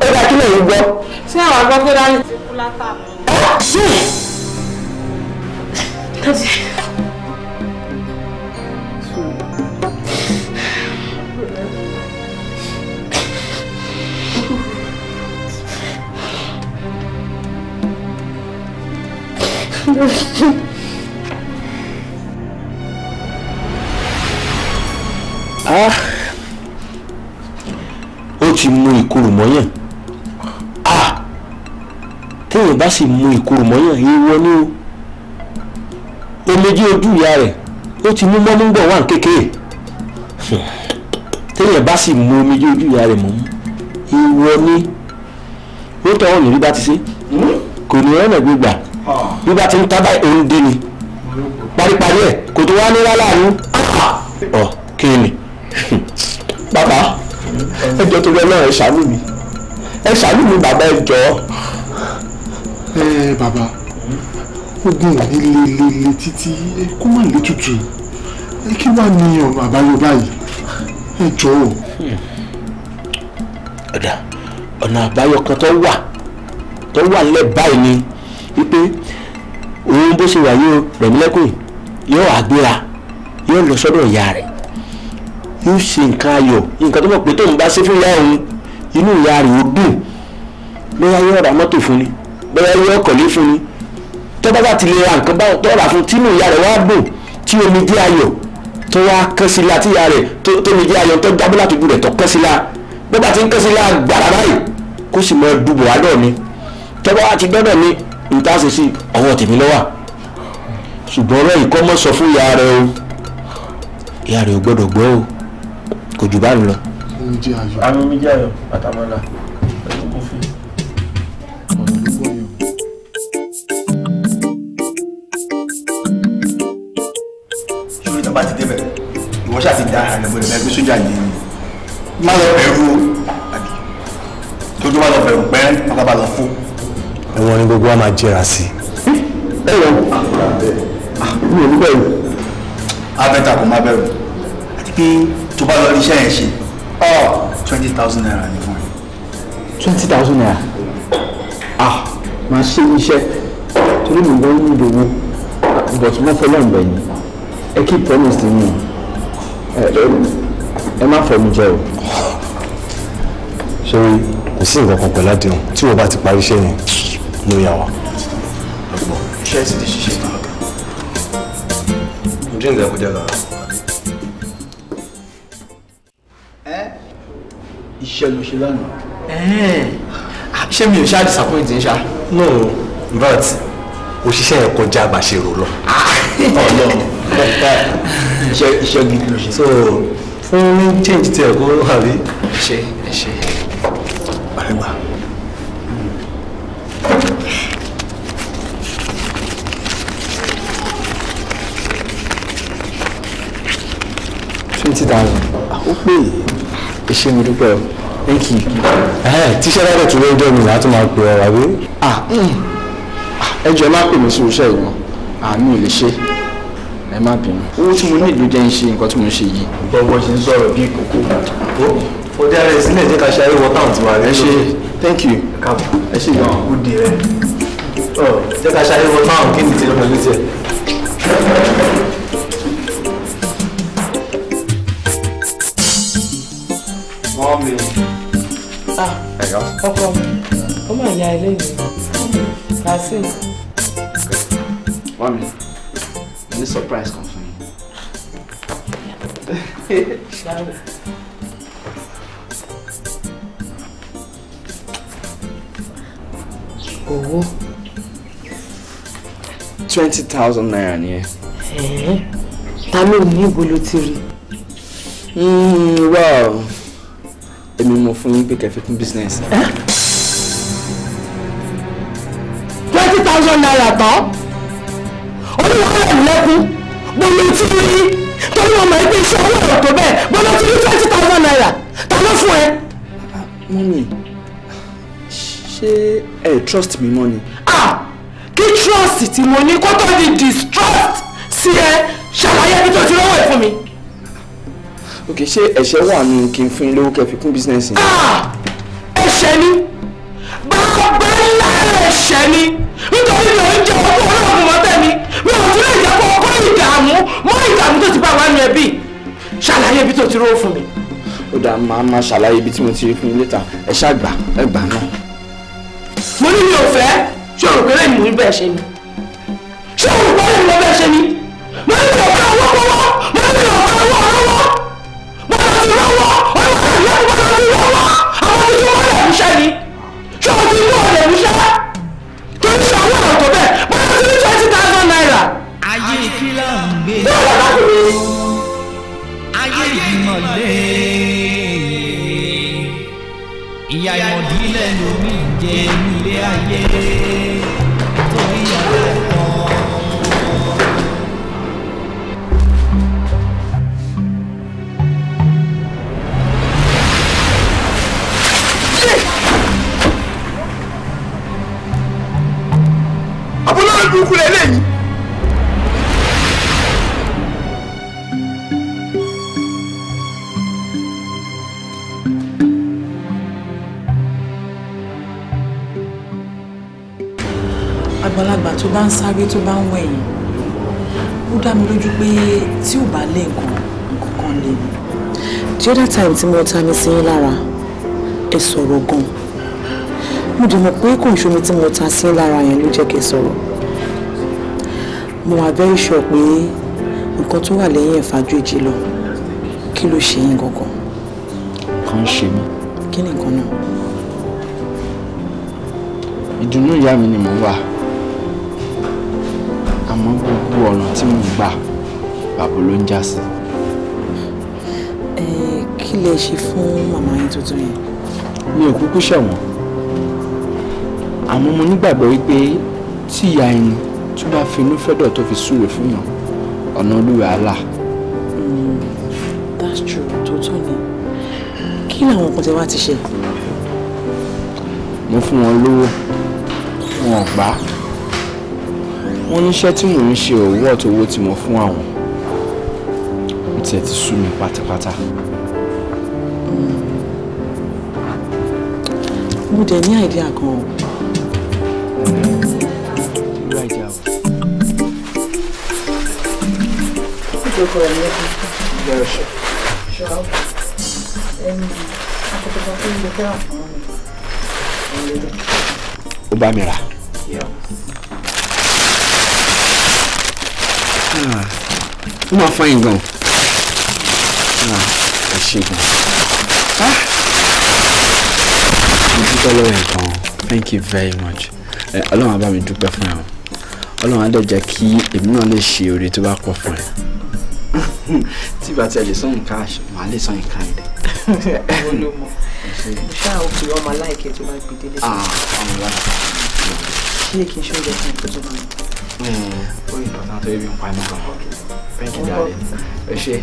ó dá kí lè yín gbọ́ se àwọn àgbọ̀ pé dání. ti tá látàmú. ṣé dájú. ah ó ti mú ìkorò mọ́yàn tóun bá sì mu ìkorò mọ́yàn èèwọ̀ ni o omijé ojú ìyá rẹ̀ ó ti mú mọ́múgbọ̀n wà kékeré téèyàn bá sì mu omijé ojú ìyá rẹ̀ mọ́mú èèwọ̀ ni ó tọ́ ọ̀nà bí bá ti ṣe kò ní ọ̀nà gbígbà bí bá ti ń tábà òun dé ni paripari ẹ̀ kò tó wá ní rárá ni ọ̀ kí ni bàbá ẹ tó rẹ náà ẹ ṣàánú mi ẹ ṣàánú mi bàbá ẹ jọ̀ọ́. ẹ baba ogun ò le le le títí kó má le tutù ẹ kí wàá ní àbáyọ báyìí ẹ jọ̀ọ́. ọ̀dà ọ̀nà àbáyọ kan wà tó wà nílẹ̀ báyìí ni wípé bó ṣe wà àgbéra lọ sọ́dọ̀ ìyá rẹ̀ yóò ṣe nǹkan ayọ̀ nǹkan tó mọ̀ pé tóun bá inú bẹ́ẹ̀ ni ọkọ̀ lé fún ni tó bá bá ti lè ra nǹkan bá tó rà fún tínú ìyá rẹ̀ wá dùn tí omi dé ayọ̀ tó wá kán sí la tí ìyá rẹ̀ tó omi dé ayọ̀ tó jábọ́ láti gbù rẹ̀ tó kán sí la bó bá ti ń kán sí la gbàrà báyìí kó sì mọ dùbò àdọ̀ mi tó bá wá ti dọ́dọ̀ mi nta ṣe sí ọwọ́ tèmi lọ́wà ṣùgbọ́n ọ̀rọ̀ kọ́ mọ́ sọ fún ìyá rẹ̀ o ìyá rẹ̀ ò gbọ́dọ̀ gbọ́ o kò jù bá ń lọ. àdá àlẹ́bọ̀ ìgbà ẹgbẹ́ sójà yìí má lọ bẹ̀rù tó tó má lọ bẹ̀rù pẹ́ pátápá lọ fún. ẹ̀wọ̀n ni gbogbo wa máa jẹ́ra sí i. ẹ yọ mi ò ní bẹ̀rù. abẹ́ta kò má bẹ̀rù àti pé tó bá lọ rí yẹn ṣe ọ twenty thousand naira ni fún yín. twenty thousand naira ah màá ṣe iṣẹ́ torí mi gbọ́ ní ìdòwú but mo fẹ́ lọ́nbẹ̀yìn ẹ kí promise ti mú un ẹ má fọ mi jẹ o. ṣé kò sí nǹkan kan pẹ̀lú àdéhùn tí wọ́n bá ti parí iṣẹ́ yẹn ló yà wá. iṣẹ́ sì ti ṣiṣẹ́ tán. ǹjẹ́ nǹkan kò jẹ́ lára. iṣẹ́ ló ṣe lánàá. ṣé mi ò ṣáà disappoint ń ṣá. no but òṣìṣẹ́ yẹn kọjá àgbàṣe rò lọ. Ah. ọlọ́run iṣẹ́ gidi so fún ní change tí ẹ kó ṣe ṣe. twenty thousand. ó pè é ṣé mi dúpẹ́ o thank you. tíṣẹ́ dáadáa tún ló jẹ́ mi láti máa pè ọ́ wá wí. Mm. ẹ jọ̀ọ́ má pè mí sí iṣẹ́ ìmọ̀ àánú ìlẹ́ṣẹ́ ẹ má bínú owó tí mo ní ìlú jẹ́ ń ṣe nǹkan tí mo ń ṣe yìí. bọ́bọ́ ṣe ń sọ̀rọ̀ bí kòkó ó fọdí ara ẹ̀ sílẹ̀ jẹ́ ká ṣe àríwọ̀ táwọn ti wà rẹ̀ ṣe thank you káàbọ̀ ẹ ṣe gan ó di rẹ̀ jẹ́ ká ṣe àríwọ̀ táwọn kí ni tiẹ̀ pẹ̀lú tiẹ̀. wọ́n mi ò. ẹ̀ka ọkọ mi ó mà ya ilé mi kàásì. mami ní surprise kan for me. Oh, twenty thousand naira nìyẹn. ta ló ní ibo ló ti rí. Hmm, wow èmi mo fún yín pé kẹfẹ kún business. twenty thousand naira tán. ti rí i torí wọn mọ̀ ẹ́ pé iṣẹ́ owó ọ̀rọ̀ tó bẹ́ẹ̀ bọ́lá ti rí twenty thousand naira ta ló fún ẹ. mọ́mí ṣé ẹ trust mi mọ́ ni. ah kí trust tí mo ní kó tó di distrust sí ẹ ṣàlàyé ibi tó ti rọ́wọ́ ẹ̀ fún mi. ok ṣé ẹ̀ṣẹ̀ wà nù kí n fún yín lówó kẹ́ fi kún bísíǹsì. ah ẹ̀ṣẹ̀ ni bàbá ńlá ẹ̀ṣẹ̀ ni. láti bá wà nù ẹbí ṣàlàyé ibi tó ti rówó fún mi. ó dáa máa máa ṣàlàyé ibi tí mo ti rí fún yín létà ẹ ṣàgbà ẹ gbà náà. mo ní mi ò fẹ́ ṣé o rò pé lẹ́yìn mo ní bẹ́ẹ̀ ṣe ni ṣé o rò pé lẹ́yìn mo bẹ́ẹ̀ ṣe ni mo ní mi ò fẹ́ owó kọ́wọ́ mo ní mi ò fẹ́ owó ọ̀rọ̀wọ́ mo ní mi ò lọ́wọ́ ọ̀rọ̀ ìyá mo ní mi lọ́wọ́ àwọn ọmọdé tó wọ́n lẹ̀ burúkú lélẹ́yìí. àgbàlagbà tó bá ń sáré tó bá ń wẹ̀yìn ó dá mi lójú pé tí ò bá lé nǹkan nǹkan kan lè ní. the other time tí mo ta mi sí yín lára ẹ sọ̀rọ̀ gan-an mo dì pé kò ń ṣomi tí mo ta sí yín lára yẹn ló jẹ́ kí ẹ sọ̀rọ̀ mo wà very sure pé nǹkan tó wà lẹ́yìn ẹ̀fájú ìjì lọ kí ló ṣe yín gangan. kàn ṣe mí. kí ni nǹkan náà. ìdùnnú ìyá mi ni mo wà àmọ́ gbogbo ọ̀nà tí mo gbà bàbá ló ń já sí. ẹ kí lè ṣe fún màmá yín tuntun yẹn. mi ò kúkú ṣẹ̀wọ̀n àmọ́ mo nígbàgbọ́ wípé tí ìyá ẹni tó bá finú fẹ́dọ̀ tó fi súwe fún yàn ọ̀nà olúwa àlà. Hmm, that's true tòótọ́ ni kí làwọn kan ti wá ti ṣe. mo fún wọn lówó wọn ò gbà á wọ́n níṣẹ́ tí mò ń ṣe òwúrọ̀ tó owó tí mo fún àwọn ó tiẹ̀ ti sú mi pátápátá. Hmm. mo dẹ̀ ní àìdí àgàn o. Ṣé o kọ̀ ọ́ lẹ́yìn? Ìyá ẹ̀ṣẹ̀. Ṣọ́ akọ̀tọ̀kọ̀ tó ń gbé fẹ́ràn fún Ah, Ó bá mi rà. Ah, ó máa fọ́ yín gan. Ah, ẹ ṣe ah! Thank you very much. Ọlọ́run á bá mi dúpẹ́ fún ẹ o. Ọlọ́run á dẹ̀ jẹ́ kí èmi náà lè ṣe oore tó bá pọ̀ tí bá ti ẹ̀ lè san nǹkan aṣọ màá lè san nǹkan ilẹ̀. owó ló mọ ṣá o fi ọmọ aláìkẹ tó bá gbé délé. ọmọ aláìkẹ. ṣé kí n ṣe oúnjẹ fún ìtọ́jú máa ń bọ̀. ó yìí lọ náà tó ebi ń pa mí gan. bẹ́ẹ̀ kí n dáa lé ẹ ṣe.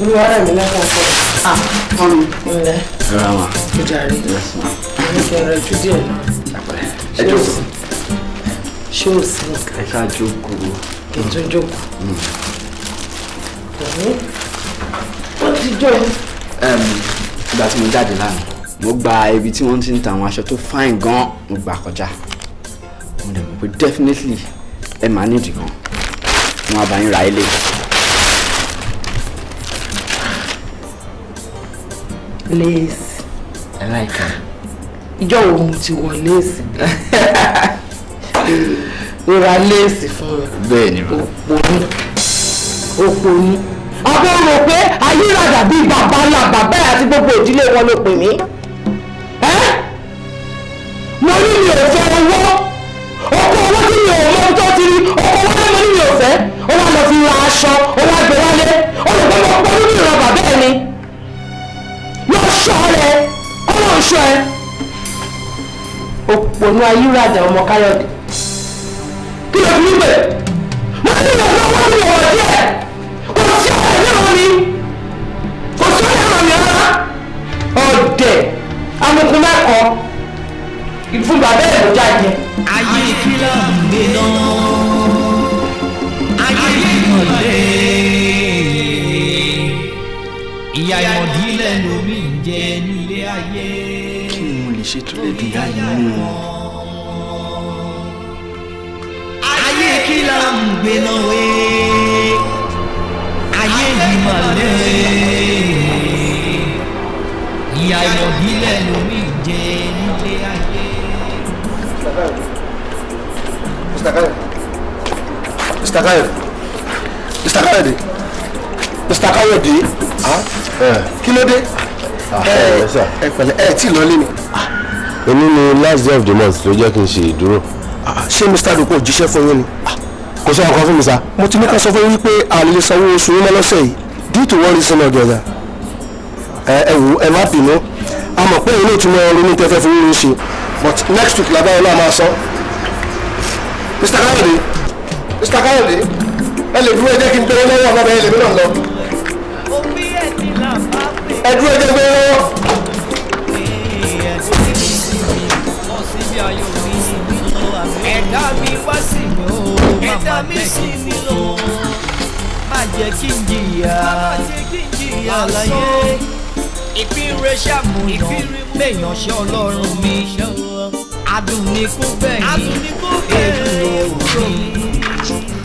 olúwa rẹ̀ mi lẹ́kọ̀ọ́ fún ọ. ah mọ́mi. ńlẹ́. ẹ ra wa. ó jàre. ẹ sùn. mo ní kí n rẹ ju díẹ̀ náà ẹjọ́ ṣé o sí ẹ ká jókòó kí n tún jókòó wọ́n ti jọ ìgbà tí mo jáde lánàá mo gba ibi tí wọ́n ti ń ta àwọn aṣọ tó fáìn gan mo gbà kọjá mo dẹ̀ mọ̀ pé definitely ẹ máa nídìí gan wọn àbá ra ilé. Please. I like her ìjọ wo mo ti wọ léèsì rora léèsì fún mi bẹ́ẹ̀ni ma òpònú òpònú àbọ̀ rò pé ayéradà bíi bàbá ńlá bàbá àti gbogbo ìdílé wọn ló pè mí mo ní mi ò fẹ́ owó ọkọ̀ owó tí mi ò mọ tó ti rí ọkọ̀ owó tí mo ní mi ò fẹ́ ó wá lọ fi ra aṣọ ó wá gbé wálé ó lè gbọ́dọ̀ pọ́nú mi ìran bàbá ẹ̀ ni lọ́ọ́ ṣọ́ rẹ ọlọ́ọ̀ṣọ́ ẹ òpònú ayúradà ọmọ káyọ̀dé. kí ló fi ń bẹ̀? mo ti lọ lọ́wọ́ mi ọ̀rọ̀ díẹ̀ kò sí ọ̀rẹ́ náà mi kò sí ọ̀rẹ́ náà mi rárá. ọ̀dẹ̀ amukun mẹ́kọ̀ọ́ fún bàbá ẹ̀ ló jáde. ayé kìlọ̀ gbéná ayé ìmọ̀lẹ́ ìyá ìmọ̀dí lẹ́nu mi ń jẹ nílé ayé ṣe tún lè dùn láyé ayé kí la ń gbé náà wé ayé yìí mà lé ìyá ìyọ̀bílẹ̀ lómi jẹ nílé ayé. Mr. Kayode Mr. Kayode Mr. Kayode ah, eh. kí ló dé ah, eh, eh, ẹ ẹ tí lọ lé mi èmi ni last day of the month ló jẹ́ kí n ṣe ìdúró. Ah, ṣé mr doko jíṣẹ́ fún yín ni. Ah, kò sọ ọkàn fún mi sa. mo ti ní ká sọ fún yín pé a lè sanwó oṣù yín lọ́sẹ̀ yìí due to one reason or the other. ẹ wò ẹ má bínú a mọ̀ pé ilé ìtumọ̀ ọ̀run ní tẹ́fẹ́ fún yín ṣe but next week làbáyọ̀ náà máa sọ. mr káyọ̀dé mr káyọ̀dé ẹ lè dúró ẹ jẹ́ kí n gbé lọ́wọ́ ọmọ bẹ́ẹ̀ lè mí náà lọ. ẹ dúró ẹ jẹ́ gbé ẹ̀dá mi wá sí mi ó ẹ̀dá mi sí mi lò má jẹ́ kí n jìyà àlàyé ìfínre ṣàmúnà lèèyàn ṣe ọlọ́run mi adùnníkú bẹ́ẹ̀ ni èrò òru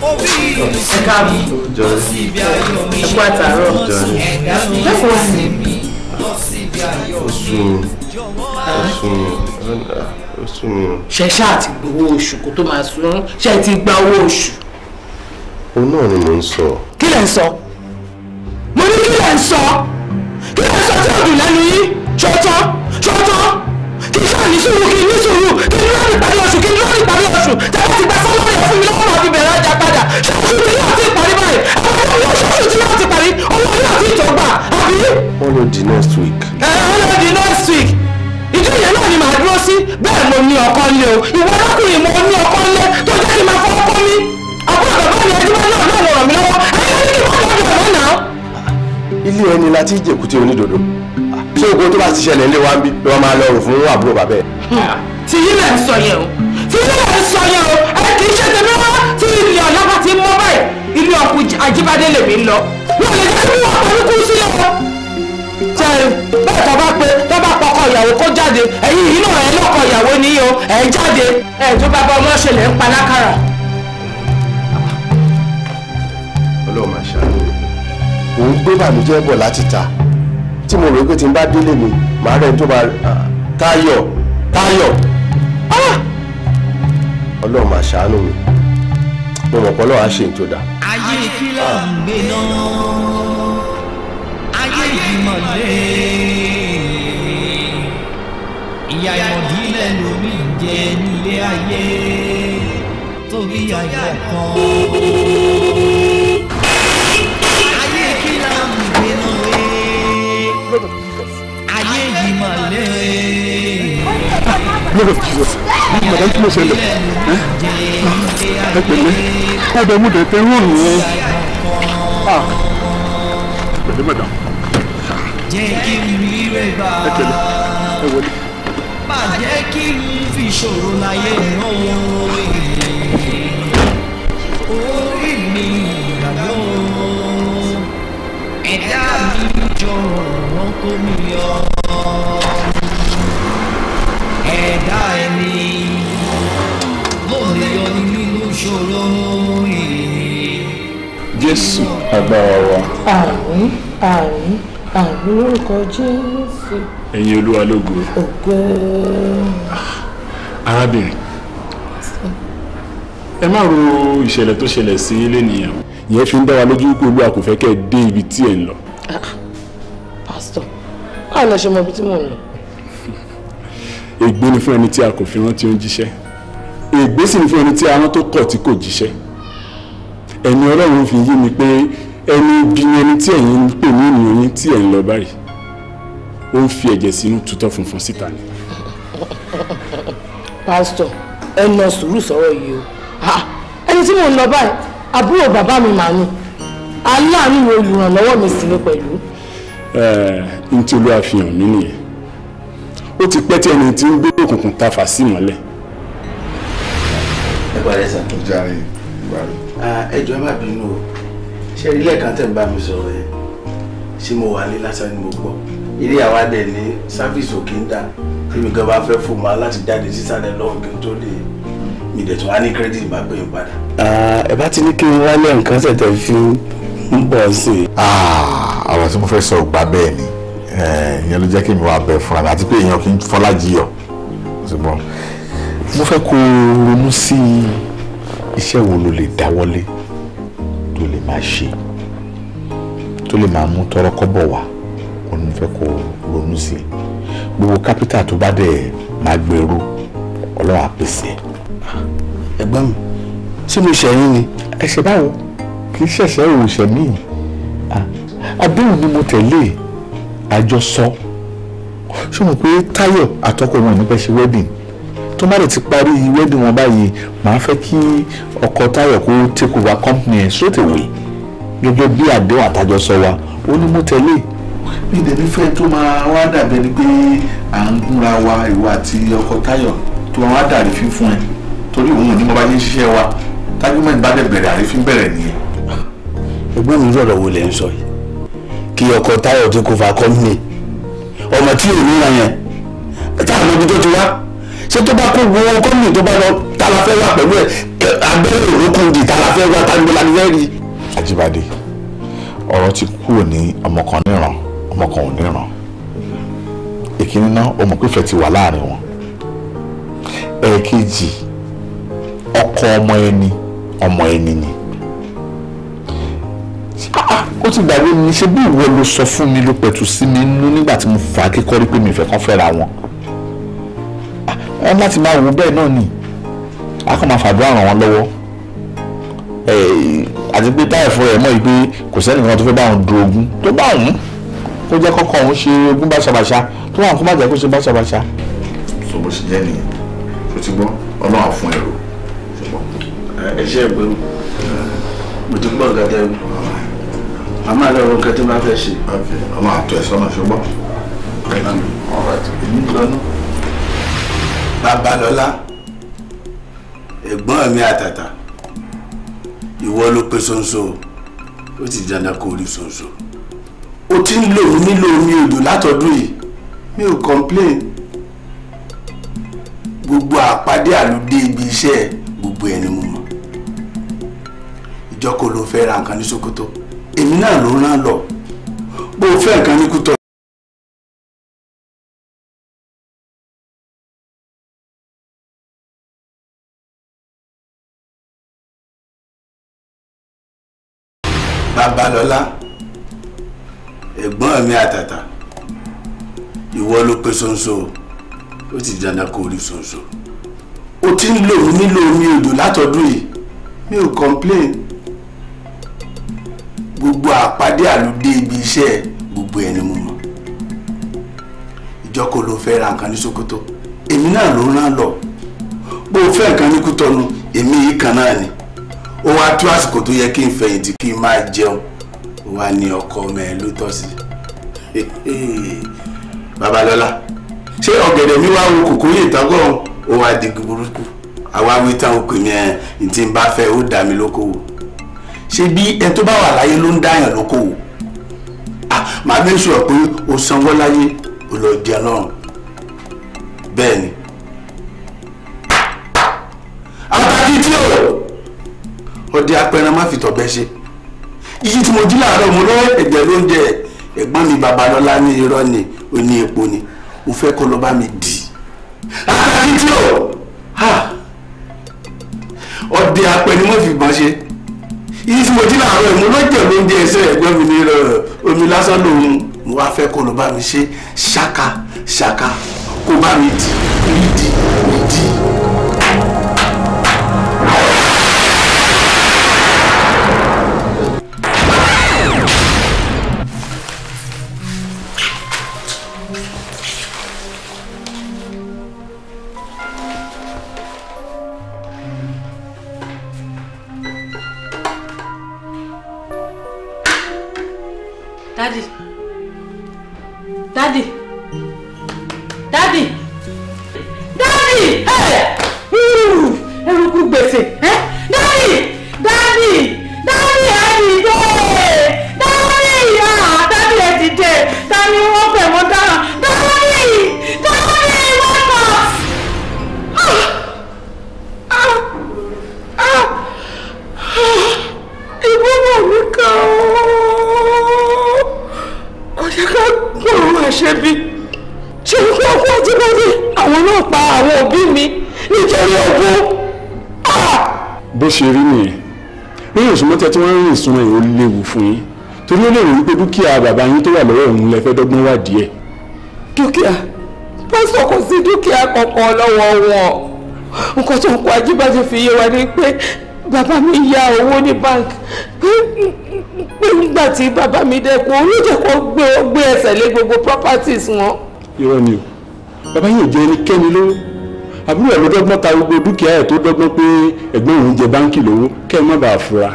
orí ìsìnkú lọ sí ibi ayọ̀ mi mi lọ sí ibi ó sún mi hmm. o. ṣe ṣáà ti gbowó oṣù kó tó máa sún ṣe ti gba owó oṣù. òun náà ni mò ń sọ. kí lẹ̀ ń sọ mo ní kí lẹ̀ ń sọ kí lẹ̀ ń sọ tí òdùn lẹ́nu yín ṣọ́tọ́ ṣọ́tọ́ kí ṣáà ní sùúrù kí ní sùúrù kí ní lọ́ọ̀rì parí oṣù kí ní lọ́ọ̀rì parí oṣù tẹ́lẹ̀ ti gba sọ́lọ́ọ̀rì ẹ̀ fún mi lọ́wọ́ máa fi bẹ̀rẹ̀ ọjà padà ṣáàṣù mi yóò ti parí báyìí àwọn ọmọ yóò ṣáàṣù ti yóò ti parí owó yóò ti ìtọ́gbà àbí. wọ́n lọ di next week. ẹ ẹ wọ́n lọ di ní ọkọ lé o ìwọ ọlọ́kùnrin mo ní ọkọ lé tó jẹ́ kí n máa fọwọ́ kọ́ mi àbúrò bàbá mi ẹjọ́ náà náà ràn mí lọ́wọ́ ayé ní kí wọ́n lọ́jọ́ ọ̀rọ̀ náà. ilé ẹni la ti jẹ èkúté onídodo ṣé oògùn tó bá ti ṣẹlẹ̀ ilé wa ń bí ló wá máa lọrùn fún àbúrò bàbá ẹ̀. tí yín lẹ̀ ń sọ yẹn o tí yín lẹ̀ ń sọ yẹn o ẹ kì í ṣe tèmi wá tí ilé ọ̀làpàá ti mọ́ báyìí ilé ọkùnrin àjíbádé lèmi ń lọ wọn lè jẹ́ kí wọ́n jẹ́rìí bẹ́ẹ̀ tó bá pé tó bá pọkọ ìyàwó kó jáde ẹ̀yìn inú náà ẹ̀ lọ́kọ ìyàwó ní o ẹ̀ jáde ẹ̀ tó bá bá ọmọ ṣẹlẹ̀ ń pa lákàrà. ọlọ́run máa ṣàánú òun gbé bàmíjẹ́ bọ̀ láti ta tí mo rò pé tí n bá délé mi màá rẹ̀ tó bá káyọ̀ káyọ̀ ah! ọlọ́run máa ṣàánú mi mo mọ̀ pé ọlọ́run á ṣe ìjọba. ayé kí ń gbé náà. mọ̀lẹ́ ìyá ìmọ̀dí ilẹ̀ lórí jẹ nílé ayé torí àyà kan. ayé kí là ń gbé náà rè ayé yìí mọ̀lẹ́ rè. Lord ṣẹlẹ̀? Ẹ pẹ̀lẹ́, ọ̀dọ̀ mú dẹ̀ tẹ́ rúùrù wọn. Ah, pẹ̀lẹ́ madam jẹ́ kí n rí rẹ̀ gbà. fi ṣòro láyé náà orí mi ìyàlọ́ ẹ̀dá mi jọ wọ́n kó mi yọ ẹ̀dá ẹni mo lè yọ ní nínú ṣòro yìí. Jésù agbára wa. àmín àmín àrùn orúkọ jésù. ẹ̀yin olúwa lógo. ògo. arábìnrin ẹ má ro ìṣẹ̀lẹ̀ tó ṣẹlẹ̀ sí ilé nìyẹn ìyẹn fi ń dá wa lójú pé olúwa kò fẹ́ kẹ́ ẹ dé ibi tí ẹ ń lọ. Ah, pásítọ̀ báwo la ṣe mọ ibi tí mò ń lọ. ègbé ni fún ẹni tí a kò fi rántí ó ń jíṣẹ́ ègbé sì ni fún ẹni tí a rán tó kọ̀ tí kò jíṣẹ́ ẹ̀mí ọlọ́run fi yé mi pé ẹni bí ẹni tí ẹ̀yin ń pè ní ènìyàn yín tí ẹ̀ ń lọ báyìí ó ń fi ẹ̀jẹ̀ sínú tutọ́ funfun síta ni. pásítọ̀ ẹ nà sùúrù sọ̀rọ̀ yìí o ẹni tí mò ń lọ báyìí àbúrò bàbá mi mà ní aláàánú mi olùrànlọ́wọ́ mi sì ni pẹ̀lú. ẹ ẹ ntí olúwa fi hàn mí nìyẹn ó ti pẹ́ tí ẹni tí ń gbé òkùnkùn ta fà sí mọ́lẹ̀. ẹ gbọ́dọ̀ sàn. ẹ jọ ẹ má bínú o ṣe rí lẹ́ẹ̀kan tẹ̀ ń bá mi sọ̀rọ̀ yẹn ṣé mo wà ní lásán ni mo gbọ́ eré àwa dẹ̀ ní sáfíìsì òkè ń dà tèmi gan bá fẹ́ fò máa láti jáde sísàlẹ̀ lọ́hùn kí n tó lè mi dẹ̀ tún wá ní kírẹ́dìtì bá pè é padà. ẹ bá ti ní kí n wá ní nǹkan ṣẹ̀tẹ̀ fi ń bọ̀ sí i. ọ̀rọ̀ tí mo fẹ́ sọ gbà bẹ́ẹ̀ ni ìyẹn ló jẹ́ kí mi wá bẹ̀ fúnra mi àti pé èèyàn kì í fọlá jiyọ̀ mo fẹ́ kó ronú sí iṣẹ́ wo ló lè dáwọ́lé ló lè máa ṣe tó lè máa mú tọrọ kọ́bọ̀ wá òun ni mo fẹ́ kó ronú sí gbogbo kápítà tó bá dẹ̀ máa gbèrú ọlọ́run á pèsè. ẹ̀gbọ́n mi tí mo ṣẹ̀yìn ni. ẹ̀ṣẹ̀ báwo kì í ṣẹ̀ṣẹ̀ òòṣẹ̀ mi àdéhùn ni mo tẹ̀lé àjọsọ ṣé mo pé Táyọ̀ àtọkọ wọn ò ní wedding tó má lè ti parí wedding wọn báyìí màá fẹ́ kí ọkọ Táyọ̀ kó take over company ẹ̀ straight away gẹ́gẹ́ bí àdéhùn àtàjọsọ wa ó ní mo tẹ̀lé mi dẹ̀bi fẹ́ tó máa wá dàbẹ́ ni pé à ń gúnra wa ìwọ àti ọkọ Táyọ̀ tó máa wá dàrí fífún ẹ torí òun ò ní mo bá yín ṣiṣẹ́ wa tágímẹ̀ntì bá dẹ̀ bẹ̀rẹ̀ àrífín bẹ̀rẹ̀ nìyẹn. ẹgbẹ́ mi rọ̀rọ̀ wo lẹ ń sọ yìí kí ọkọ Táyọ̀ tó kó fa kọ́mìnì ọmọ tí ò ní ra yẹn táwọn ọmọ ibi tó ti wá ṣé tó bá kó wo gómìnà tó bá lọ ta la fẹ́ wà pẹ̀lú ẹ̀ abẹ́rẹ́ òrókùn di ta la fẹ́ wà ta ni mo la fẹ́ rí. Ajíbádé ọ̀rọ̀ ti kúrò ní ọmọ kan níran ọmọ kan ò níran èkíní náà o mọ̀ pé ìfẹ́ ti wà láàrin wọn ẹ̀ẹ̀kejì ọkọ ọmọ ẹni ọmọ ẹni ni ah, ó ti gbàgbé mi ṣe bí ìwọ ló sọ fún mi ló pẹ̀tù sí mi nínú nígbà tí mo fà á kíkọ́ rí pé mi ìfẹ́ kan fẹ́ra wọn ẹ láti máa wò bẹ́ẹ̀ náà nì á kàn máa fàdúrà ràn wọ́n lọ́wọ́ àti pé táyà fún ẹ mọ̀ yìí pé kò sẹ́ni kan tó fẹ́ bá òun du ogún tó bá òun kó jẹ́ kọ́kọ́ òun ṣe ogún báṣabàṣa tó wà kó má jẹ́ kó ṣe báṣabàṣa. sọ bó ṣe jẹ́ nìyẹn tó ti gbọ́ ọlọ́run fún ẹ̀rọ ṣùgbọ́n ẹ ṣe ẹgbẹ́ mo ti gbọ́ nǹkan tẹ́ ẹ màmá rẹ ọ̀rọ̀ nǹkan tí mo bá fẹ́ ṣe. ọmọ àtọ̀ ẹ̀sán náà ṣùgbọ́n. ọ̀rọ̀ ẹ̀ Babalọ́lá ẹ̀gbọ́n mi àtàtà ìwọ ló pe ṣonṣo ó ti dandan kó rí ṣonṣo ó ti ń lò mí lò mí odò látọdún yìí mi ò complain gbogbo àpàdé àlùdé ibi iṣẹ́ gbogbo ẹni mo mọ̀ ìjọ́kọ̀ ló fẹ́ ra nǹkan ní Sokoto èmi náà ló rán lọ bó o fẹ́ nǹkan ní Kútọ́. Babalọ́lá ẹ̀gbọ́n mi àtàtà ìwọ ló pé ṣonṣo ó ti dandan kó rí ṣonṣo ó ti ń lò nílò omi odò látọdún yìí mi ò complain gbogbo àpàdé àlùdé ibi iṣẹ́ gbogbo ẹni mo mọ̀ ìjọ́kọ̀ ló fẹ́ ra nǹkan ní Sokoto èmi náà ló rán lọ bó o fẹ́ nǹkan ní Kútọ́nu èmi yìí kan náà ni ó wá tó àsìkò tó yẹ kí n fẹ̀yìntì kí n máa jẹun ó wá ní ọkọ ọmọ ẹ ló tọ́ sí babalọ́lá ṣé ọ̀gẹ̀dẹ̀ mi wá wo kòkòrò ìtọ́gọ́ ó wá di burúkú àwa wí táwọn pè mí ẹ ntí n bá fẹ́ ó dà mí lókòwò ṣé bí ẹ tó bá wà láyé ló ń dáyàn lókòwò màá bẹ́ẹ̀ sọ pé o sanwó láyé o lọ jẹ lọ́rùn bẹ́ẹ̀ ni. àwọn tí o ọdẹ apẹran má fi tọ̀bẹ ṣe iyì tí mo jí láàárọ̀ mo lọ́wọ́ ẹ̀jẹ̀ lóúnjẹ ẹ̀gbọ́n mi babalọ́lá ní irọ́ ni ó ní epo ni mo fẹ́ kó lọ bá mi dì í. akáàkìtì o ọdẹ apẹni mo fi bọ́n ṣe iyì tí mo jí láàárọ̀ mo lọ́jẹ̀ lóúnjẹ ẹsẹ̀ ẹ̀gbọ́n mi ní irọ́ omi lásán lòun mo wá fẹ́ kó lọ bá mi ṣe ṣáká ṣáká kó bá mi dì í dì í dì í. dúkìá bàbá yín tó wà lọ́wọ́ òun lẹ fẹ́ dọ́gbọ́n wà díẹ̀. dúkìá pásítọ̀ kò sí dúkìá kankan lọ́wọ́ wọn nǹkan tó ń kó ajíbájé fi yé wa ni pé bàbá mi ya owó ní bank pé nígbà tí bàbá mi dẹ́kun olójẹ́ kan gbé ẹsẹ̀ lé gbogbo properties wọn. irọ́ ni o bàbá yóò jẹ ẹnikẹ́ni lówó àbúrò ẹ̀ ló dọ́gbọ́n ta gbogbo dúkìá ẹ̀ tó dọ́gbọ́n pé ẹ̀gbọ́n òun jẹ báńkì lówó kẹ́ ẹ má bàa fura.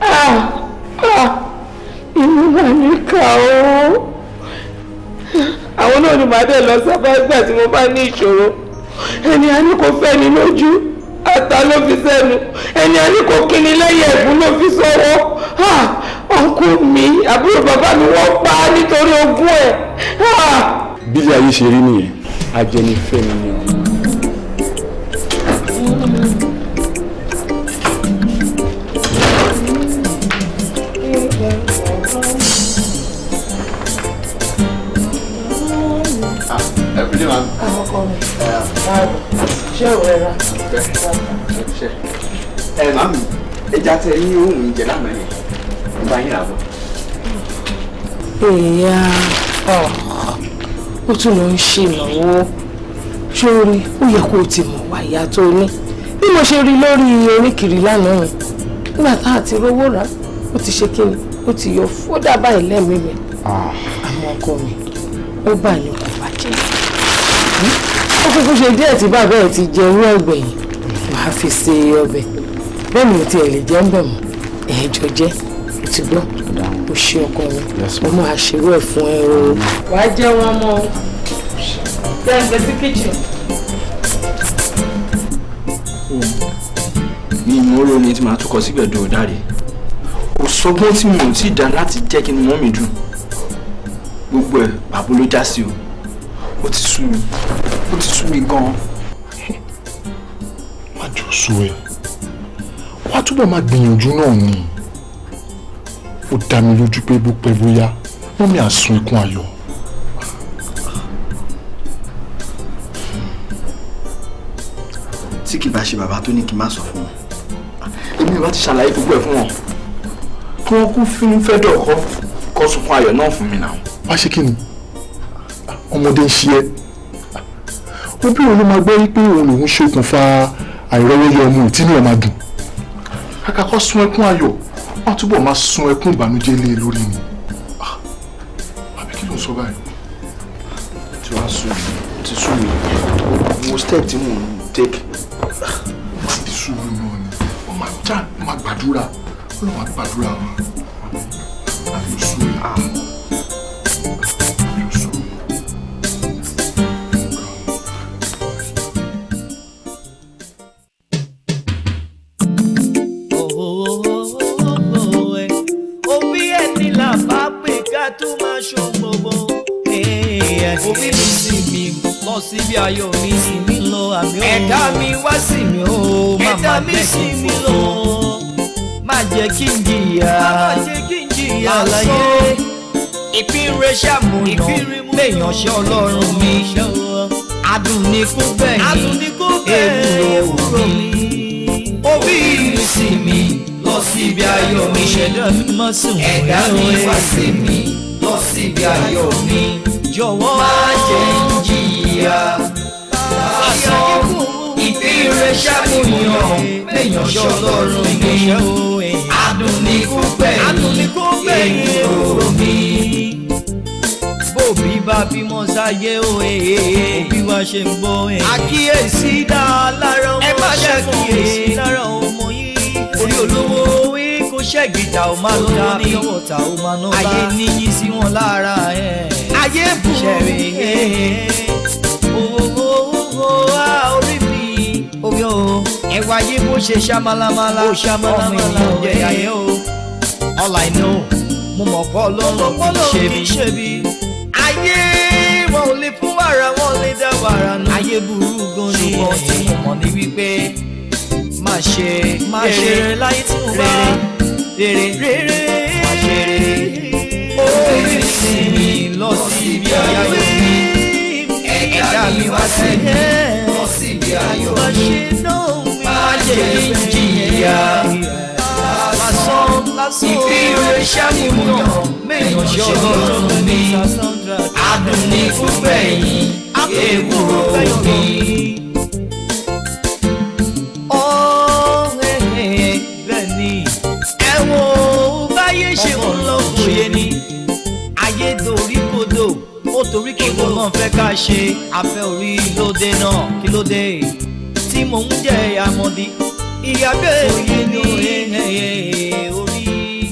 ah wà níkà o àwọn náà ni màá dẹ̀ lọ sábà gbà tí mo bá ní ìṣòro ẹni a ní kò fẹ́ ni lójú ata ló fi sẹ́nu ẹni a ní kò kíni lẹ́yìn ẹ̀bùn ló fi sọ́wọ́ ọkọ mi àbúrò bàbá mi wọ́n pa á nítorí ogún ẹ̀. bílẹ̀ ayé ṣe rí nìyẹn ajẹnifẹ́ni ni ọ̀hún. mi. ṣé ò rẹ ra. ẹ má mi ẹja tẹ ní ohun ìjẹ lánàá yẹn ń bá yín rà bọ. èèyàn ó tún lọ ń ṣe ìnáwó sórí ó yẹ kó o ti mọ̀ wá ìyá tó ní bí mo ṣe rí lórí oríkìrí lánàá mi nígbà tá a ti rówó rà ó ti ṣe kí ni ó ti yọ fódà báyìí lẹ́mìí mi ah. àmọ́ ọkọ mi ó bà ní kú kúkú ṣe díẹ̀ tí bàbá ẹ̀ ti jẹ irú ọ̀gbẹ̀ yìí wàá fi ṣe ọbẹ̀ bẹ́ẹ̀ ni o tiẹ̀ lè jẹ́ ń bẹ̀ mọ́ ẹ̀ẹ́jọ jẹ́ o ti gbọ́ o ṣe ọkọ mi ọmọ àṣírò ẹ̀ fún ẹ o. wàá jẹ́ wọn mọ́ o jẹ́ ẹgbẹ́ sí kíchìn. Hmm. mi ìmọ̀ oró ni tí màá tún kọ síbẹ̀ dùn ó dáre kò sọgbọ́n tí mi ò tí ì dá láti jẹ́ kí n mọ́ mi dùn gbogbo ẹ̀ bàbá ló já sí o ó ti sú mi ó ti sú mi gan-an. má jọ sú ẹ wàá túbọ̀ máa gbìyànjú náà ni ó dá mi lójú pé bó pẹ́ bóyá wọ́n mi àsun ikún ayọ̀. tí kì bá ṣe bàbá tó ní kí n má sọ fún wọn èmi bá ti ṣàlàyé gbogbo ẹ̀ fún wọn kí wọ́n kú fún fẹ́dọ̀ kọ́ kọ́ sunkún ayọ̀ náà fún mi náà. wá ṣe kí ni ọmọdé ń ṣe ẹ́ ebi òun ló máa gbọ́ wípé òun lòun ṣokùnfà àìrọ́wọ́yọ ọmọ ìtínú ẹ̀ máa dùn kàkà sun ẹkún ayọ̀ wọ́n túbọ̀ máa sun ẹkún ìbànújẹ́ lé e lórí ni ah, àbí kí ló ń sọ báyìí. tí wàá sùn ti sùn mí mo step tí mò ń take. máa ti sùn mí náà ni wọ́n máa já máa gbàdúrà wọ́n máa gbàdúrà wọn àbí sùn mí. ibi ayọ̀ mi sì mí lọ àmì ó ẹ̀dá mi wá sí mi ó ẹ̀dá mi sì mí lọ má jẹ́ kí n jìyà àlàyé ìpínrẹ ṣàmùnà lèèyàn ṣe ọlọ́run mi adùn ní kú bẹ́ẹ̀ ni èwúrò mi òbí mi sì mi lọ síbi ayọ̀ mi ẹ̀dá mi má sùn ẹ̀dá mi wá sí mi lọ síbi ayọ̀ mi jọ̀wọ́ má jẹ́ ń jìyà láyà àṣọ ìbéèrè ṣàkóyàn lèèyàn ṣọlọ́run ni adùn ní kú pẹ̀lú èèyàn mi. Bóbí bá bímọ sáyé òye, òbí wa ṣe ń bọ́ ẹ̀. Àkíyèsí dá lára ọmọ ṣẹ́fọ̀n. Ẹ má ṣàkíyèsí lára ọmọ yìí. Orí olówó wí kó ṣẹ́gìjà ò máa lọ ní. Olórí ọ̀tá ò máa lọ Ayé níyì sí wọn lára ẹ̀. Ayé bù ú. Ṣẹ̀rí ẹ̀ ẹwà yìí bó ṣe ṣamalama ọmọ ènìyàn jẹ ayé o all i know mo mọ̀ pọ́ lọ́rùn kì í ṣe bí. ayé wọn ò lè fún wàrà wọn lè dá wàrà nù. ayé burú gan ni ṣùgbọ́n tí mo mọ̀ ní wípé má ṣe rere láyé tí mo bá rere rere má ṣe rere. ó rí mi lọ sí ibi ayáwó ni wá sẹ́yìn bọ́ síbi ayọ̀ májè ní jìyà lásán ìfi rẹ̀ ṣàmúyàn èèyàn ṣe ọlọ́run mi adùn ní fúnpẹ̀yìn ewúro mi. tí kò dò ó torí kí ló náà fẹ́ ká ṣe afẹ́ orí lóde náà kí ló dé tí mò ń jẹ àmọ́dí ìyá bẹ́ẹ̀ òye ni orí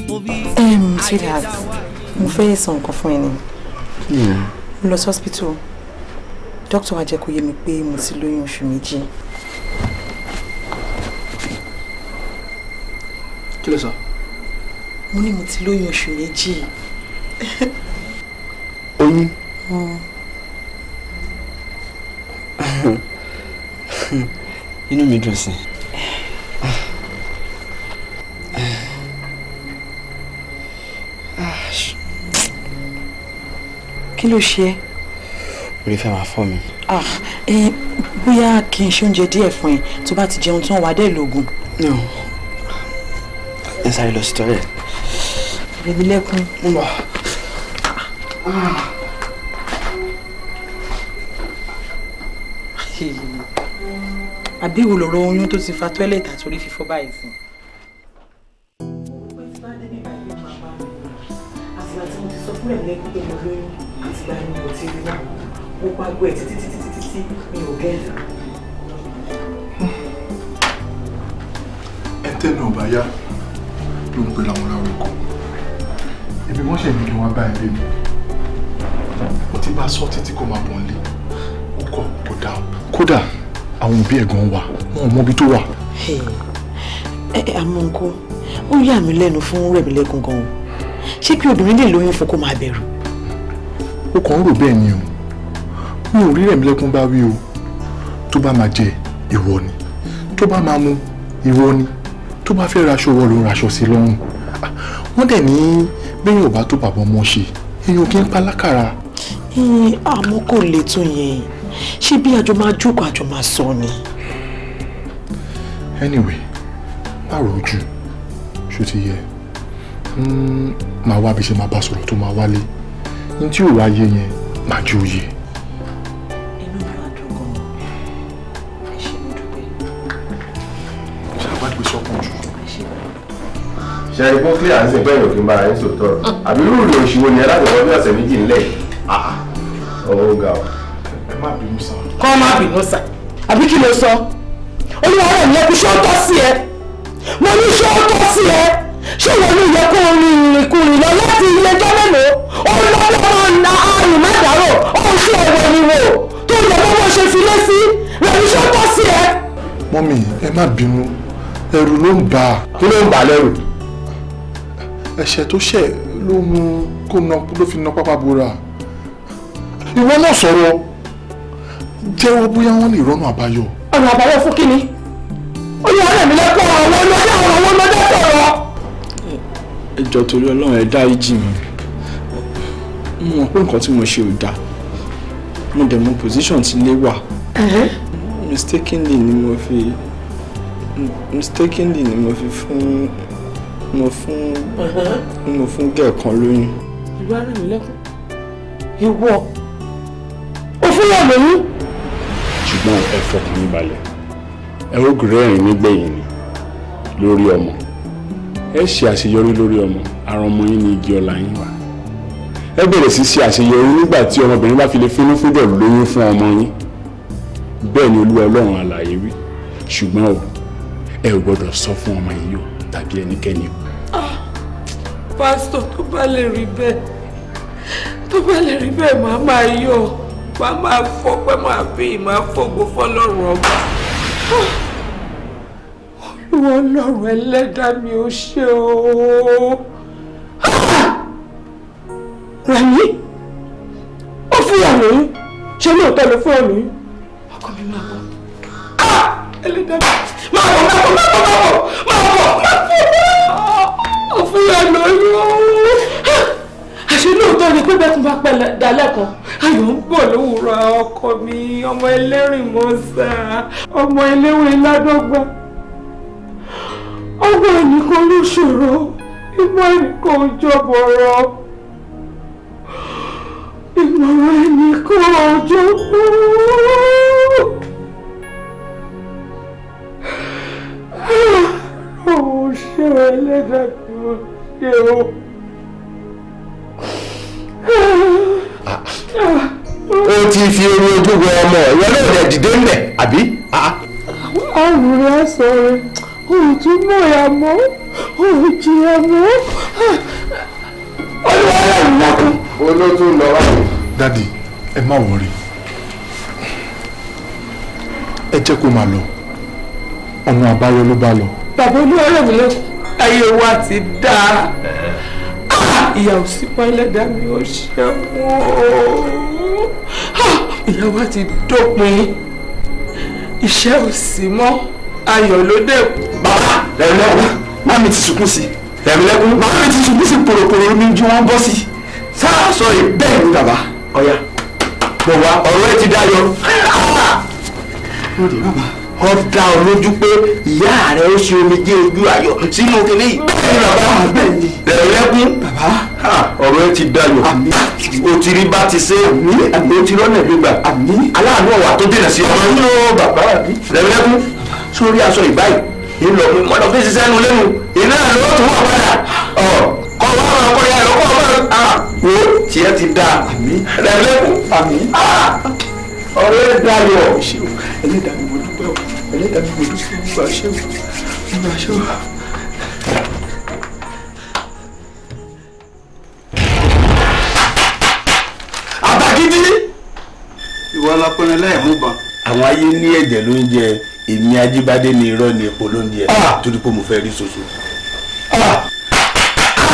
orí. sweetheart mo fẹ́ sọ nǹkan fún ẹ ni mo lọ sí hospital doctor wa jẹ́ kó yé mi pé mo ti lóyún oṣù méjì. kí ló sọ. mo ní mo ti lóyún oṣù méjì. oyin inú mi dùn sí kí ló ṣe é orí fẹ́ máa fọ́ mi. Ah, bóyá kí n ṣe oúnjẹ díẹ̀ fún ẹ tó bá ti jẹun tán wàá dé lóògùn. ẹ sáré lọ sí tọ́lẹ̀. rẹ̀mílẹ́kún. ń bọ̀. Ah. Ah. àbí wo lọ̀rọ̀ oyún tó ti fa tọ́ẹ̀lẹ̀tì àtòrí fífọ́ báyìí sí. àtìgbà tí mo ti sọ fún ẹ̀mí pé mo lóyún àtìgbà ni mo ti rí náà mo pa gbọ́ ẹ̀ títí títí títí mi ò gẹ́ẹ̀dà. ẹ tẹnu ọba yá ló ń pe làwọn làwọn ọkọ wọn ṣẹ̀mí ni wọn bá ẹ mi mo ti bá sọ títí kó máa bọ̀ ń ó kọ kó kódà àwọn òbí ẹ̀gbọ́n wa wọn ò mọbi tó wà. ẹ ẹ àmọ́ nǹkan ó yà mí lẹ́nu fún Rẹ̀mílẹ́kùn gan o ṣé kí obìnrin lè lóyún fún kó máa bẹ̀rù. ó kàn ń rò bẹ́ẹ̀ ni o mi ò rí Rẹ̀mílẹ́kùn bá wí o tó bá máa jẹ ìwọ ni tó bá máa mu ìwọ ni tó bá fẹ́ raṣọ wọ ló ń raṣọ sí lọ́rùn ah, wọ́n dẹ̀ ní bẹ́yìn ò bá tó bàbá ọmọ ṣe èèyàn kì í pa lákàrà. àmọ́ kò lè tún yẹn ṣé bí àjọ máa jókòó àjọ máa sọ ni. anyway má rojú ṣó ti yẹ máa hmm, wá bí ṣe máa bá sọ̀rọ̀ tó máa wálé ní tí ò wá yé yẹn máa jẹ́ òye. ṣe ikú clear àti ìpẹ́ ìròkè ń bára yín sòtọ́ àbí rúurú òṣìwò ni alágbèbọ́ bí ọ̀sẹ̀ méjì ńlẹ̀ ọ̀gá ah, ah. ọ̀ má bínú sá. kọ́ má bínú sá àbí kí ló sọ olúwa rẹ̀ ní ẹkú ṣé ó tọ́ sí ẹ mo ní ṣé ó tọ́ sí ẹ ṣé ìwọ ní ìyẹ kó rin ìrìnkúrìn lọ láti ilé ẹjọ́ mélòó ó ń lọ́wọ́ na àrùn mẹ́dàárò ó ń ṣe ẹ̀wẹ̀ ni wò tó yẹ bó wọ́n ṣe fi lé sí rẹ̀ ní ṣé ó tọ́ sí ẹ. mọ́mì ẹ má bínú ẹ̀rù ló ń bà á. kí ló ń bà á lẹ́rù. ẹ̀ṣẹ̀ tó ṣẹ̀ ló mú kó ló fi ná pápá bora ìwọ náà sọ̀rọ̀ jẹ́wọ́ bóyá wọ́n lè rọ́nà àbáyọ. ọ̀nà àbáyọ fún kí ni oyún ọ̀rẹ́ mi lẹ́kọ̀ọ́ àwọn ọlọ́dẹ àwọn àwọn ọlọ́dẹ sọ̀rọ̀. ẹ jọ̀ọ́ torí Ọlọ́run ẹ dáríjì mi mo mọ̀ pé nǹkan tí mo ṣe ò dáa mo dẹ̀ mọ position tí lé wà mistakenly ni mo fi mistakenly ni mo fi fún mo fún mo fún gẹ̀ẹ́kan lóyún. ìwọ ara mi lẹ́kọ̀ọ́ ìwọ ó fún lóyún ṣùgbọ́n ẹ fọkàn yín balẹ̀ ẹ ó rẹ́rìn nígbẹ̀yìn ni lórí ọmọ ẹ ṣe àṣeyọrí lórí ọmọ ara ọmọ yín ni igi ọlá yín wà ẹ bẹ̀rẹ̀ sí ṣe àṣeyọrí nígbà tí ọmọbìnrin bá fi lè fínú fúndọ̀ lóyún fún ọmọ yín bẹ́ẹ̀ ni olúwa ọlọ́run alààyè wí ṣùgbọ́n o ẹ ò gbọ́dọ̀ sọ fún ọmọ yìí o tàbí ẹnikẹ́ni o. Ah, pásítọ̀ tó bá lè rí bẹ́ẹ̀ tó bá lè rí bẹ́ẹ̀ màá máa yọ̀ wà á máa fọpẹ́ máa fi ìmọ̀ àfọ̀gbọ́ fọlọ́run ọba. olúwa ọlọ́run ẹlẹ́dàá mi ò ṣe o. rẹ̀mí ó fúyà mí ṣé lóòótọ́ ló fúyà mí. ọkọ mi máa bọ̀. Ah! ẹlẹ́dàá mi máa bọ̀ máa bọ̀ máa bọ̀ máa bọ̀ máa bọ̀ ó fúyà lóyún ṣe lóòótọ́ ni pé bẹ́ẹ̀ tún bá pẹ́ dalẹ́kan ayọ̀ ń bọ̀ lówùúrọ̀ ọkọ mi ọmọ ẹlẹ́rìn mọ́sá ọmọ ẹlẹ́wọ̀n ládọ́gba ọmọ ẹnìkan ló ṣòro ìmọ̀ ẹnìkan ò jọ̀bọ̀rọ̀ ìmọ̀ràn ẹnìkan ò jọ̀bọ̀rọ̀. Oh, shit, I let that go. Yeah o ah, ti fi orí ojú wọ ọmọ ìwọ náà lè dìde ńlẹ̀ àbí. Ah, ah. àwọn àwòrán àṣọ rẹ ò tún mọ̀ ẹ̀ mọ́ ò jìyà mọ́ olúwa rẹ̀ ń lọ́kùn. olótú lọ wá. dadi ẹ má wọrí ẹ jẹ́ kó máa lọ ọ̀nà àbáyọ ló bá lọ. bàbá olúwa rẹ̀ mi lọ ayé wa ti dáa ìyá ò sí mọ́ ẹlẹ́dàá mi ò ṣẹ́wọ́ ìyá wa ti dópin iṣẹ́ ò sí mọ́ ayọ̀ ló dé. bàbá ẹ̀rọ̀lẹ́kùn má mi ti sunkún sí ẹ̀rọ̀lẹ́kùn má mi ti sunkún sí pòròpòrò mi ju wọn bọ́ sí sáà sọ yìí bẹ́ẹ̀ ni bàbá ọ̀ya bọ̀ ọ̀rọ̀ ẹ ti dayọ̀. bàbá kó dá ọ lójú pé ìyá rẹ ó ṣe omijé ojú ayọ̀ sínú kínní yìí. bẹ́ẹ̀ni bàbá bẹ́ẹ̀ ni. ẹ̀rẹ́kún bàbá ọ̀rọ̀ ẹ ti dayọ̀ o ti rí bá ti ṣe o ti rọ́nà gbígbà aláàánú ọ̀wà tó dènà sí ọmọ yìí ó bàbá ẹ̀rẹ́kún sórí aṣọ ìbáyìí ìlọ mi mọ́tò fi ṣiṣẹ́ nu lẹ́nu iná ló tún wà padà kọ́ wá máa kọ́ ya ẹ̀rọ kọ́ wá máa wo tiẹ̀ ti da rẹ̀ lẹ́kùn ọ̀rẹ́ dayọ̀ ẹ̀lẹ́dàá mi ẹlẹ́dà gbòdú sí gbogbo àṣẹ gbogbo àṣẹ wa. àbágídí. ìwọ alápẹ̀rẹ̀ lẹ́ẹ̀múbọn. àwọn ayé ní ẹ̀jẹ̀ ló ń jẹ èmi ajíbádé ni irọ́ ni epo ló ń jẹ ah! torí pé mo fẹ́ rí soso. Ah!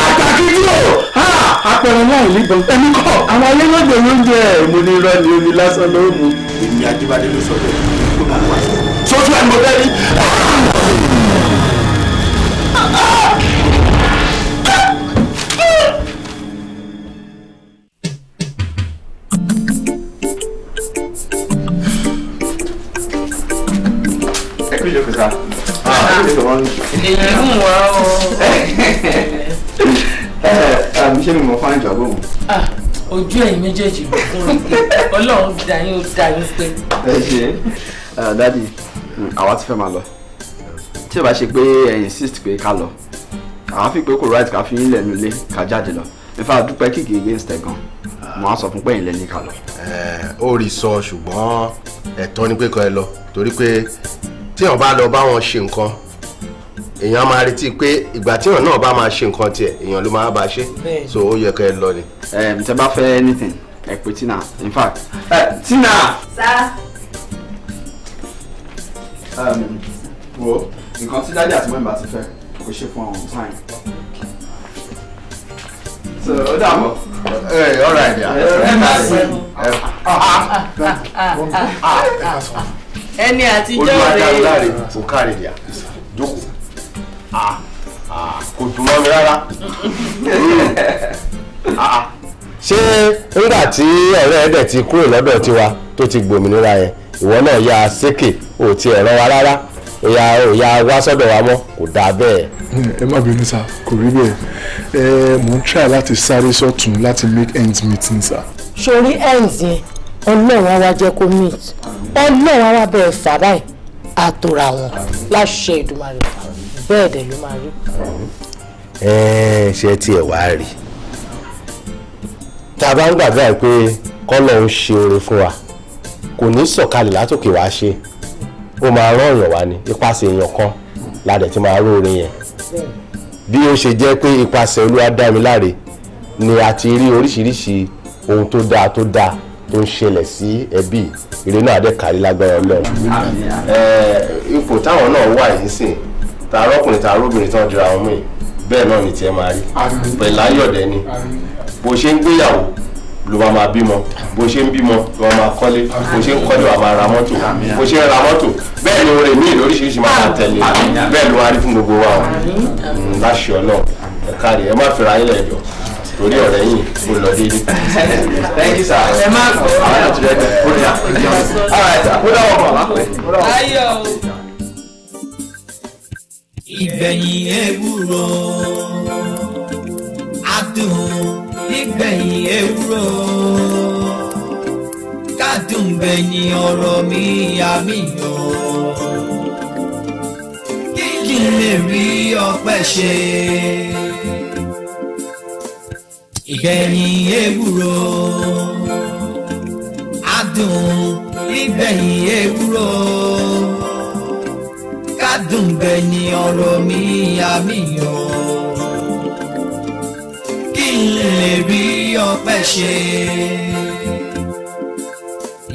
àbágídí o ah! apẹ̀rẹ̀ náà níbọn. ẹni kọ́ àwọn ayé lọ́dọ̀ ló ń jẹ ẹ̀ mo ní irọ́ ni omi lásán ló mú. èmi ajíbádé ló sọ bẹ́ẹ̀ kó máa wá sí i sọ́tún ẹ̀ mọ́tẹ́ rí. Ah, ah. eh, um, ah, ojú ẹ̀yin méjèèjì ló kún un ọlọ́run ó dá pé. ẹ ṣe uh, dádì àwa ti fẹ́ máa lọ tí o bá ṣe pé ẹ insist pé ká lọ àwa fi pé kò right ká fi yín lẹ́nu ilé ká jáde lọ nípa dúpẹ́ kìkì against ẹ̀ gan mo á sọ fún pé ìlẹ̀ ní ká lọ. ó rí sọ ṣùgbọ́n ẹ̀tọ́ ni pé kọ́ ẹ lọ torí pé tíyàn bá lọ bá wọn ṣe nǹkan èèyàn máa retí pé ìgbà tíyàn náà bá máa ṣe nǹkan tiẹ̀ èèyàn ló máa bá ṣe so ó yẹ kọ́ ẹ lọ ni. tẹ bá fẹ́ anything ẹ pé tina in fact tina. sá. Um, wo nǹkan tí dájú àti mọ́ìmbà ti fẹ́ kò ṣe fún ọ̀hún time. so ó dà mọ́. ẹ ọ̀rọ̀ àìdí à. ẹ má sí. ẹni àtijọ́ rẹ̀. olùwàjà ńláre kò káre dìá jókòó ah, ah, kò dùn mọ́ mi rárá hmm. ah, ṣé nígbà tí ọ̀rẹ́ ẹ̀dẹ̀ ti kúrò lọ́dọ̀ tiwa tó ti gbòmìnira yẹn ìwọ náà yá a sékè ò tiẹ̀ ràn wá rárá ìyá ìyá wa sọ́dọ̀ wa mọ́ kò dáa bẹ́ẹ̀. ẹ má bínú sá kò rí bẹ́ẹ̀ ẹ mò ń try láti sáré sọ́tún láti make ends meet ní sá. sori ends yẹn ọlọ́run àwa jẹ́ kó meet ọlọ́run àwa bẹ̀rẹ̀ fà báyìí àtòrà wọn láṣẹ ìdùmarè bẹ́ẹ̀ dẹ̀ ló máa rí. ẹ ṣe tiẹ̀ wá rí tá a bá ń gbàgbé pé kọ́lọ̀ ń ṣe oore fún wa kò ní sọ̀kalẹ̀ látòkè wá ṣe ó máa rán èèyàn wá ní ipasẹ̀ èèyàn kan la dẹ̀ ti máa róore yẹn bí ó ṣe jẹ́ pé ipasẹ̀ Olúwadámiláre ni a ti rí oríṣiríṣi ohun tó dáa tó dáa tó ń ṣẹlẹ̀ sí ẹbí eré náà dẹ̀ kárí lágbára Ọlọ́run. ipò táwọn náà wà yìí sìn tààrọ́ ọkùnrin tààrọ́ obìnrin tán jura ọmọ yìí bẹ́ẹ̀ náà ni tiẹ̀ máa rí pẹ̀láyọ̀dẹ́ ni bó ṣe ń gbéyàwó ló máa máa bímọ bó ṣe ń bímọ ló máa máa kọ́lé bó ṣe ń kọ́lé wàá máa ra mọ́tò bó ṣe ń ra mọ́tò bẹ́ẹ̀ ni oore míì lóríṣiríṣi máa máa tẹ̀lé bẹ́ẹ̀ ló wá rí fún gbogbo wa o mm, láṣẹ ẹ̀ka rẹ̀ ẹ má fìrà ayé lẹ̀ jọ torí ọ̀rẹ́ yìí kò lọ déédéé. ẹ má kọ́ àwọn àti rẹ̀ kò dà kó dà wọ́n mọ̀ ìgbẹ̀yìn ewúro adùn nígbẹ̀yìn ewúro kádùngbẹ̀yìn ọ̀rọ̀ mi ìyá mi yọ. kí n lè rí ọpẹ́ ṣe. ìgbẹ̀yìn ewúro adùn ìgbẹ̀yìn ewúro kádùngbẹ̀yìn ọ̀rọ̀ mi ìyá n lè rí ọpẹ́ ṣe.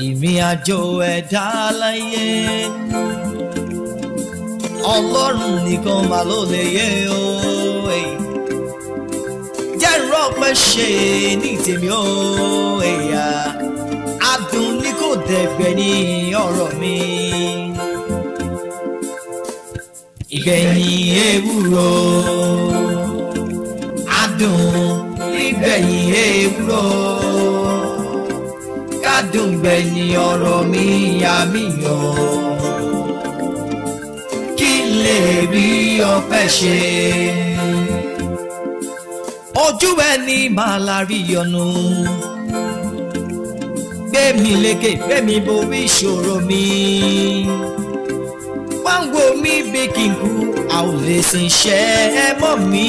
ìrìn àjò ẹ̀dá láyé ọlọ́run nìkan mà ló lè yé o. jẹ́rọ ọpẹ́ ṣe ní tèmi o ẹ̀yà adùn ní kò dẹ̀gbẹ́ ní ọ̀rọ̀ mi. ìgbẹ̀yìn ewúro adùn rí gbẹ̀yìn ewúro kádùn gbẹ̀yìn ọ̀rọ̀ mi yá mi yọ kí lè rí ọpẹ́ ṣe. ojú ẹni máa la rí yọnu gbé mi lékè gbé mi borí ìṣòro mi wá ń wo mi bí kí n kú a ò lè sìn ṣẹ́ ẹ mọ́ mi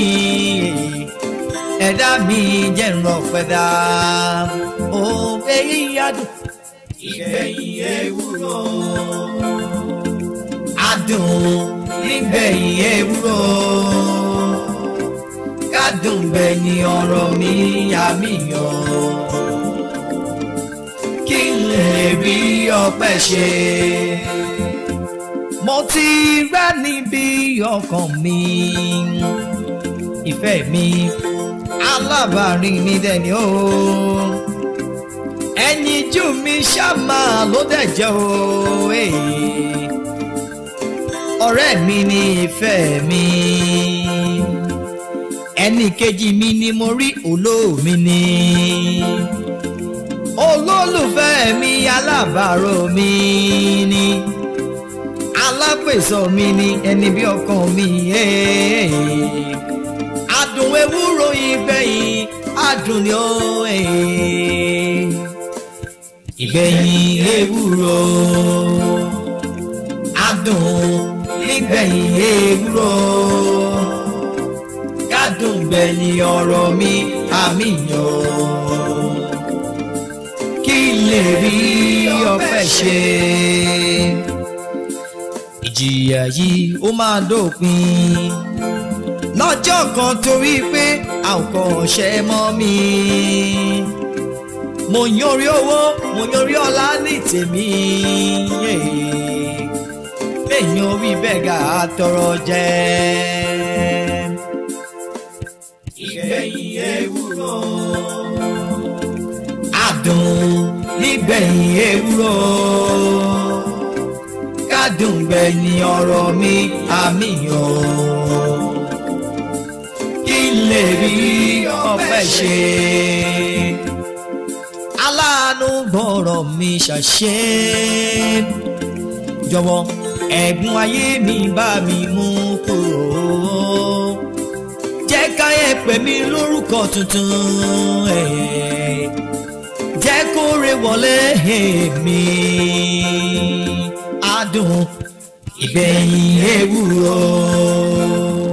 ẹ̀dá mi jẹ́ ńlọ fẹ́dá òfé yíyádùn. ìgbẹ̀yìn ewúro. adùn nígbẹ̀yìn ewúro. kádùn gbẹ̀yìn ọ̀rọ̀ mi àmìyàn. kí n lè rí ọpẹ́ ṣe. mo ti rẹ́ níbi ọkàn mi ìfẹ́ mi alábàárín mi dẹni o ẹyin jù mi ṣàmà ló dẹjẹ o eh. ọ̀rẹ́ mi ni ìfẹ́ mi ẹnì kejì mi ni mo rí mi ni olólùfẹ́ mi alábàárò mi ni alápèsò mi ni ẹni bí ọkàn mi eh. adùn ewúro ìgbẹ̀yìn adùn ni ó ẹ̀yìn ìgbẹ̀yìn ewúro adùn nígbẹ̀yìn ewúro kádùn gbẹ̀yìn ọ̀rọ̀ mi àmìyàn kí lè rí ọpẹ́ ṣe ìjìyà yìí ó máa dópin lọ́jọ́ kan torí pé a ò ọ̀ṣẹ́ mọ́ mi. mo yan orí owó mo yan orí ọlá ní tèmi. bẹ́ẹ̀ni orí bẹ́ẹ̀gà tọrọ jẹ. ìgbẹ̀yìn ewúro. adùn nígbẹ̀yìn ewúro kádùn gbẹ̀yìn ọ̀rọ̀ mi àmì yọ̀ lè rí ọpẹ́ ṣe. aláàánú bọ̀rọ̀ mi ṣàṣẹ jọ̀wọ́ ẹ̀bùn ayé mi bá mi mú kúrò jẹ́ káyé pè mí lórúkọ tuntun jẹ́ kóre wọlé mi adùn ìgbẹ̀yìn ewúro.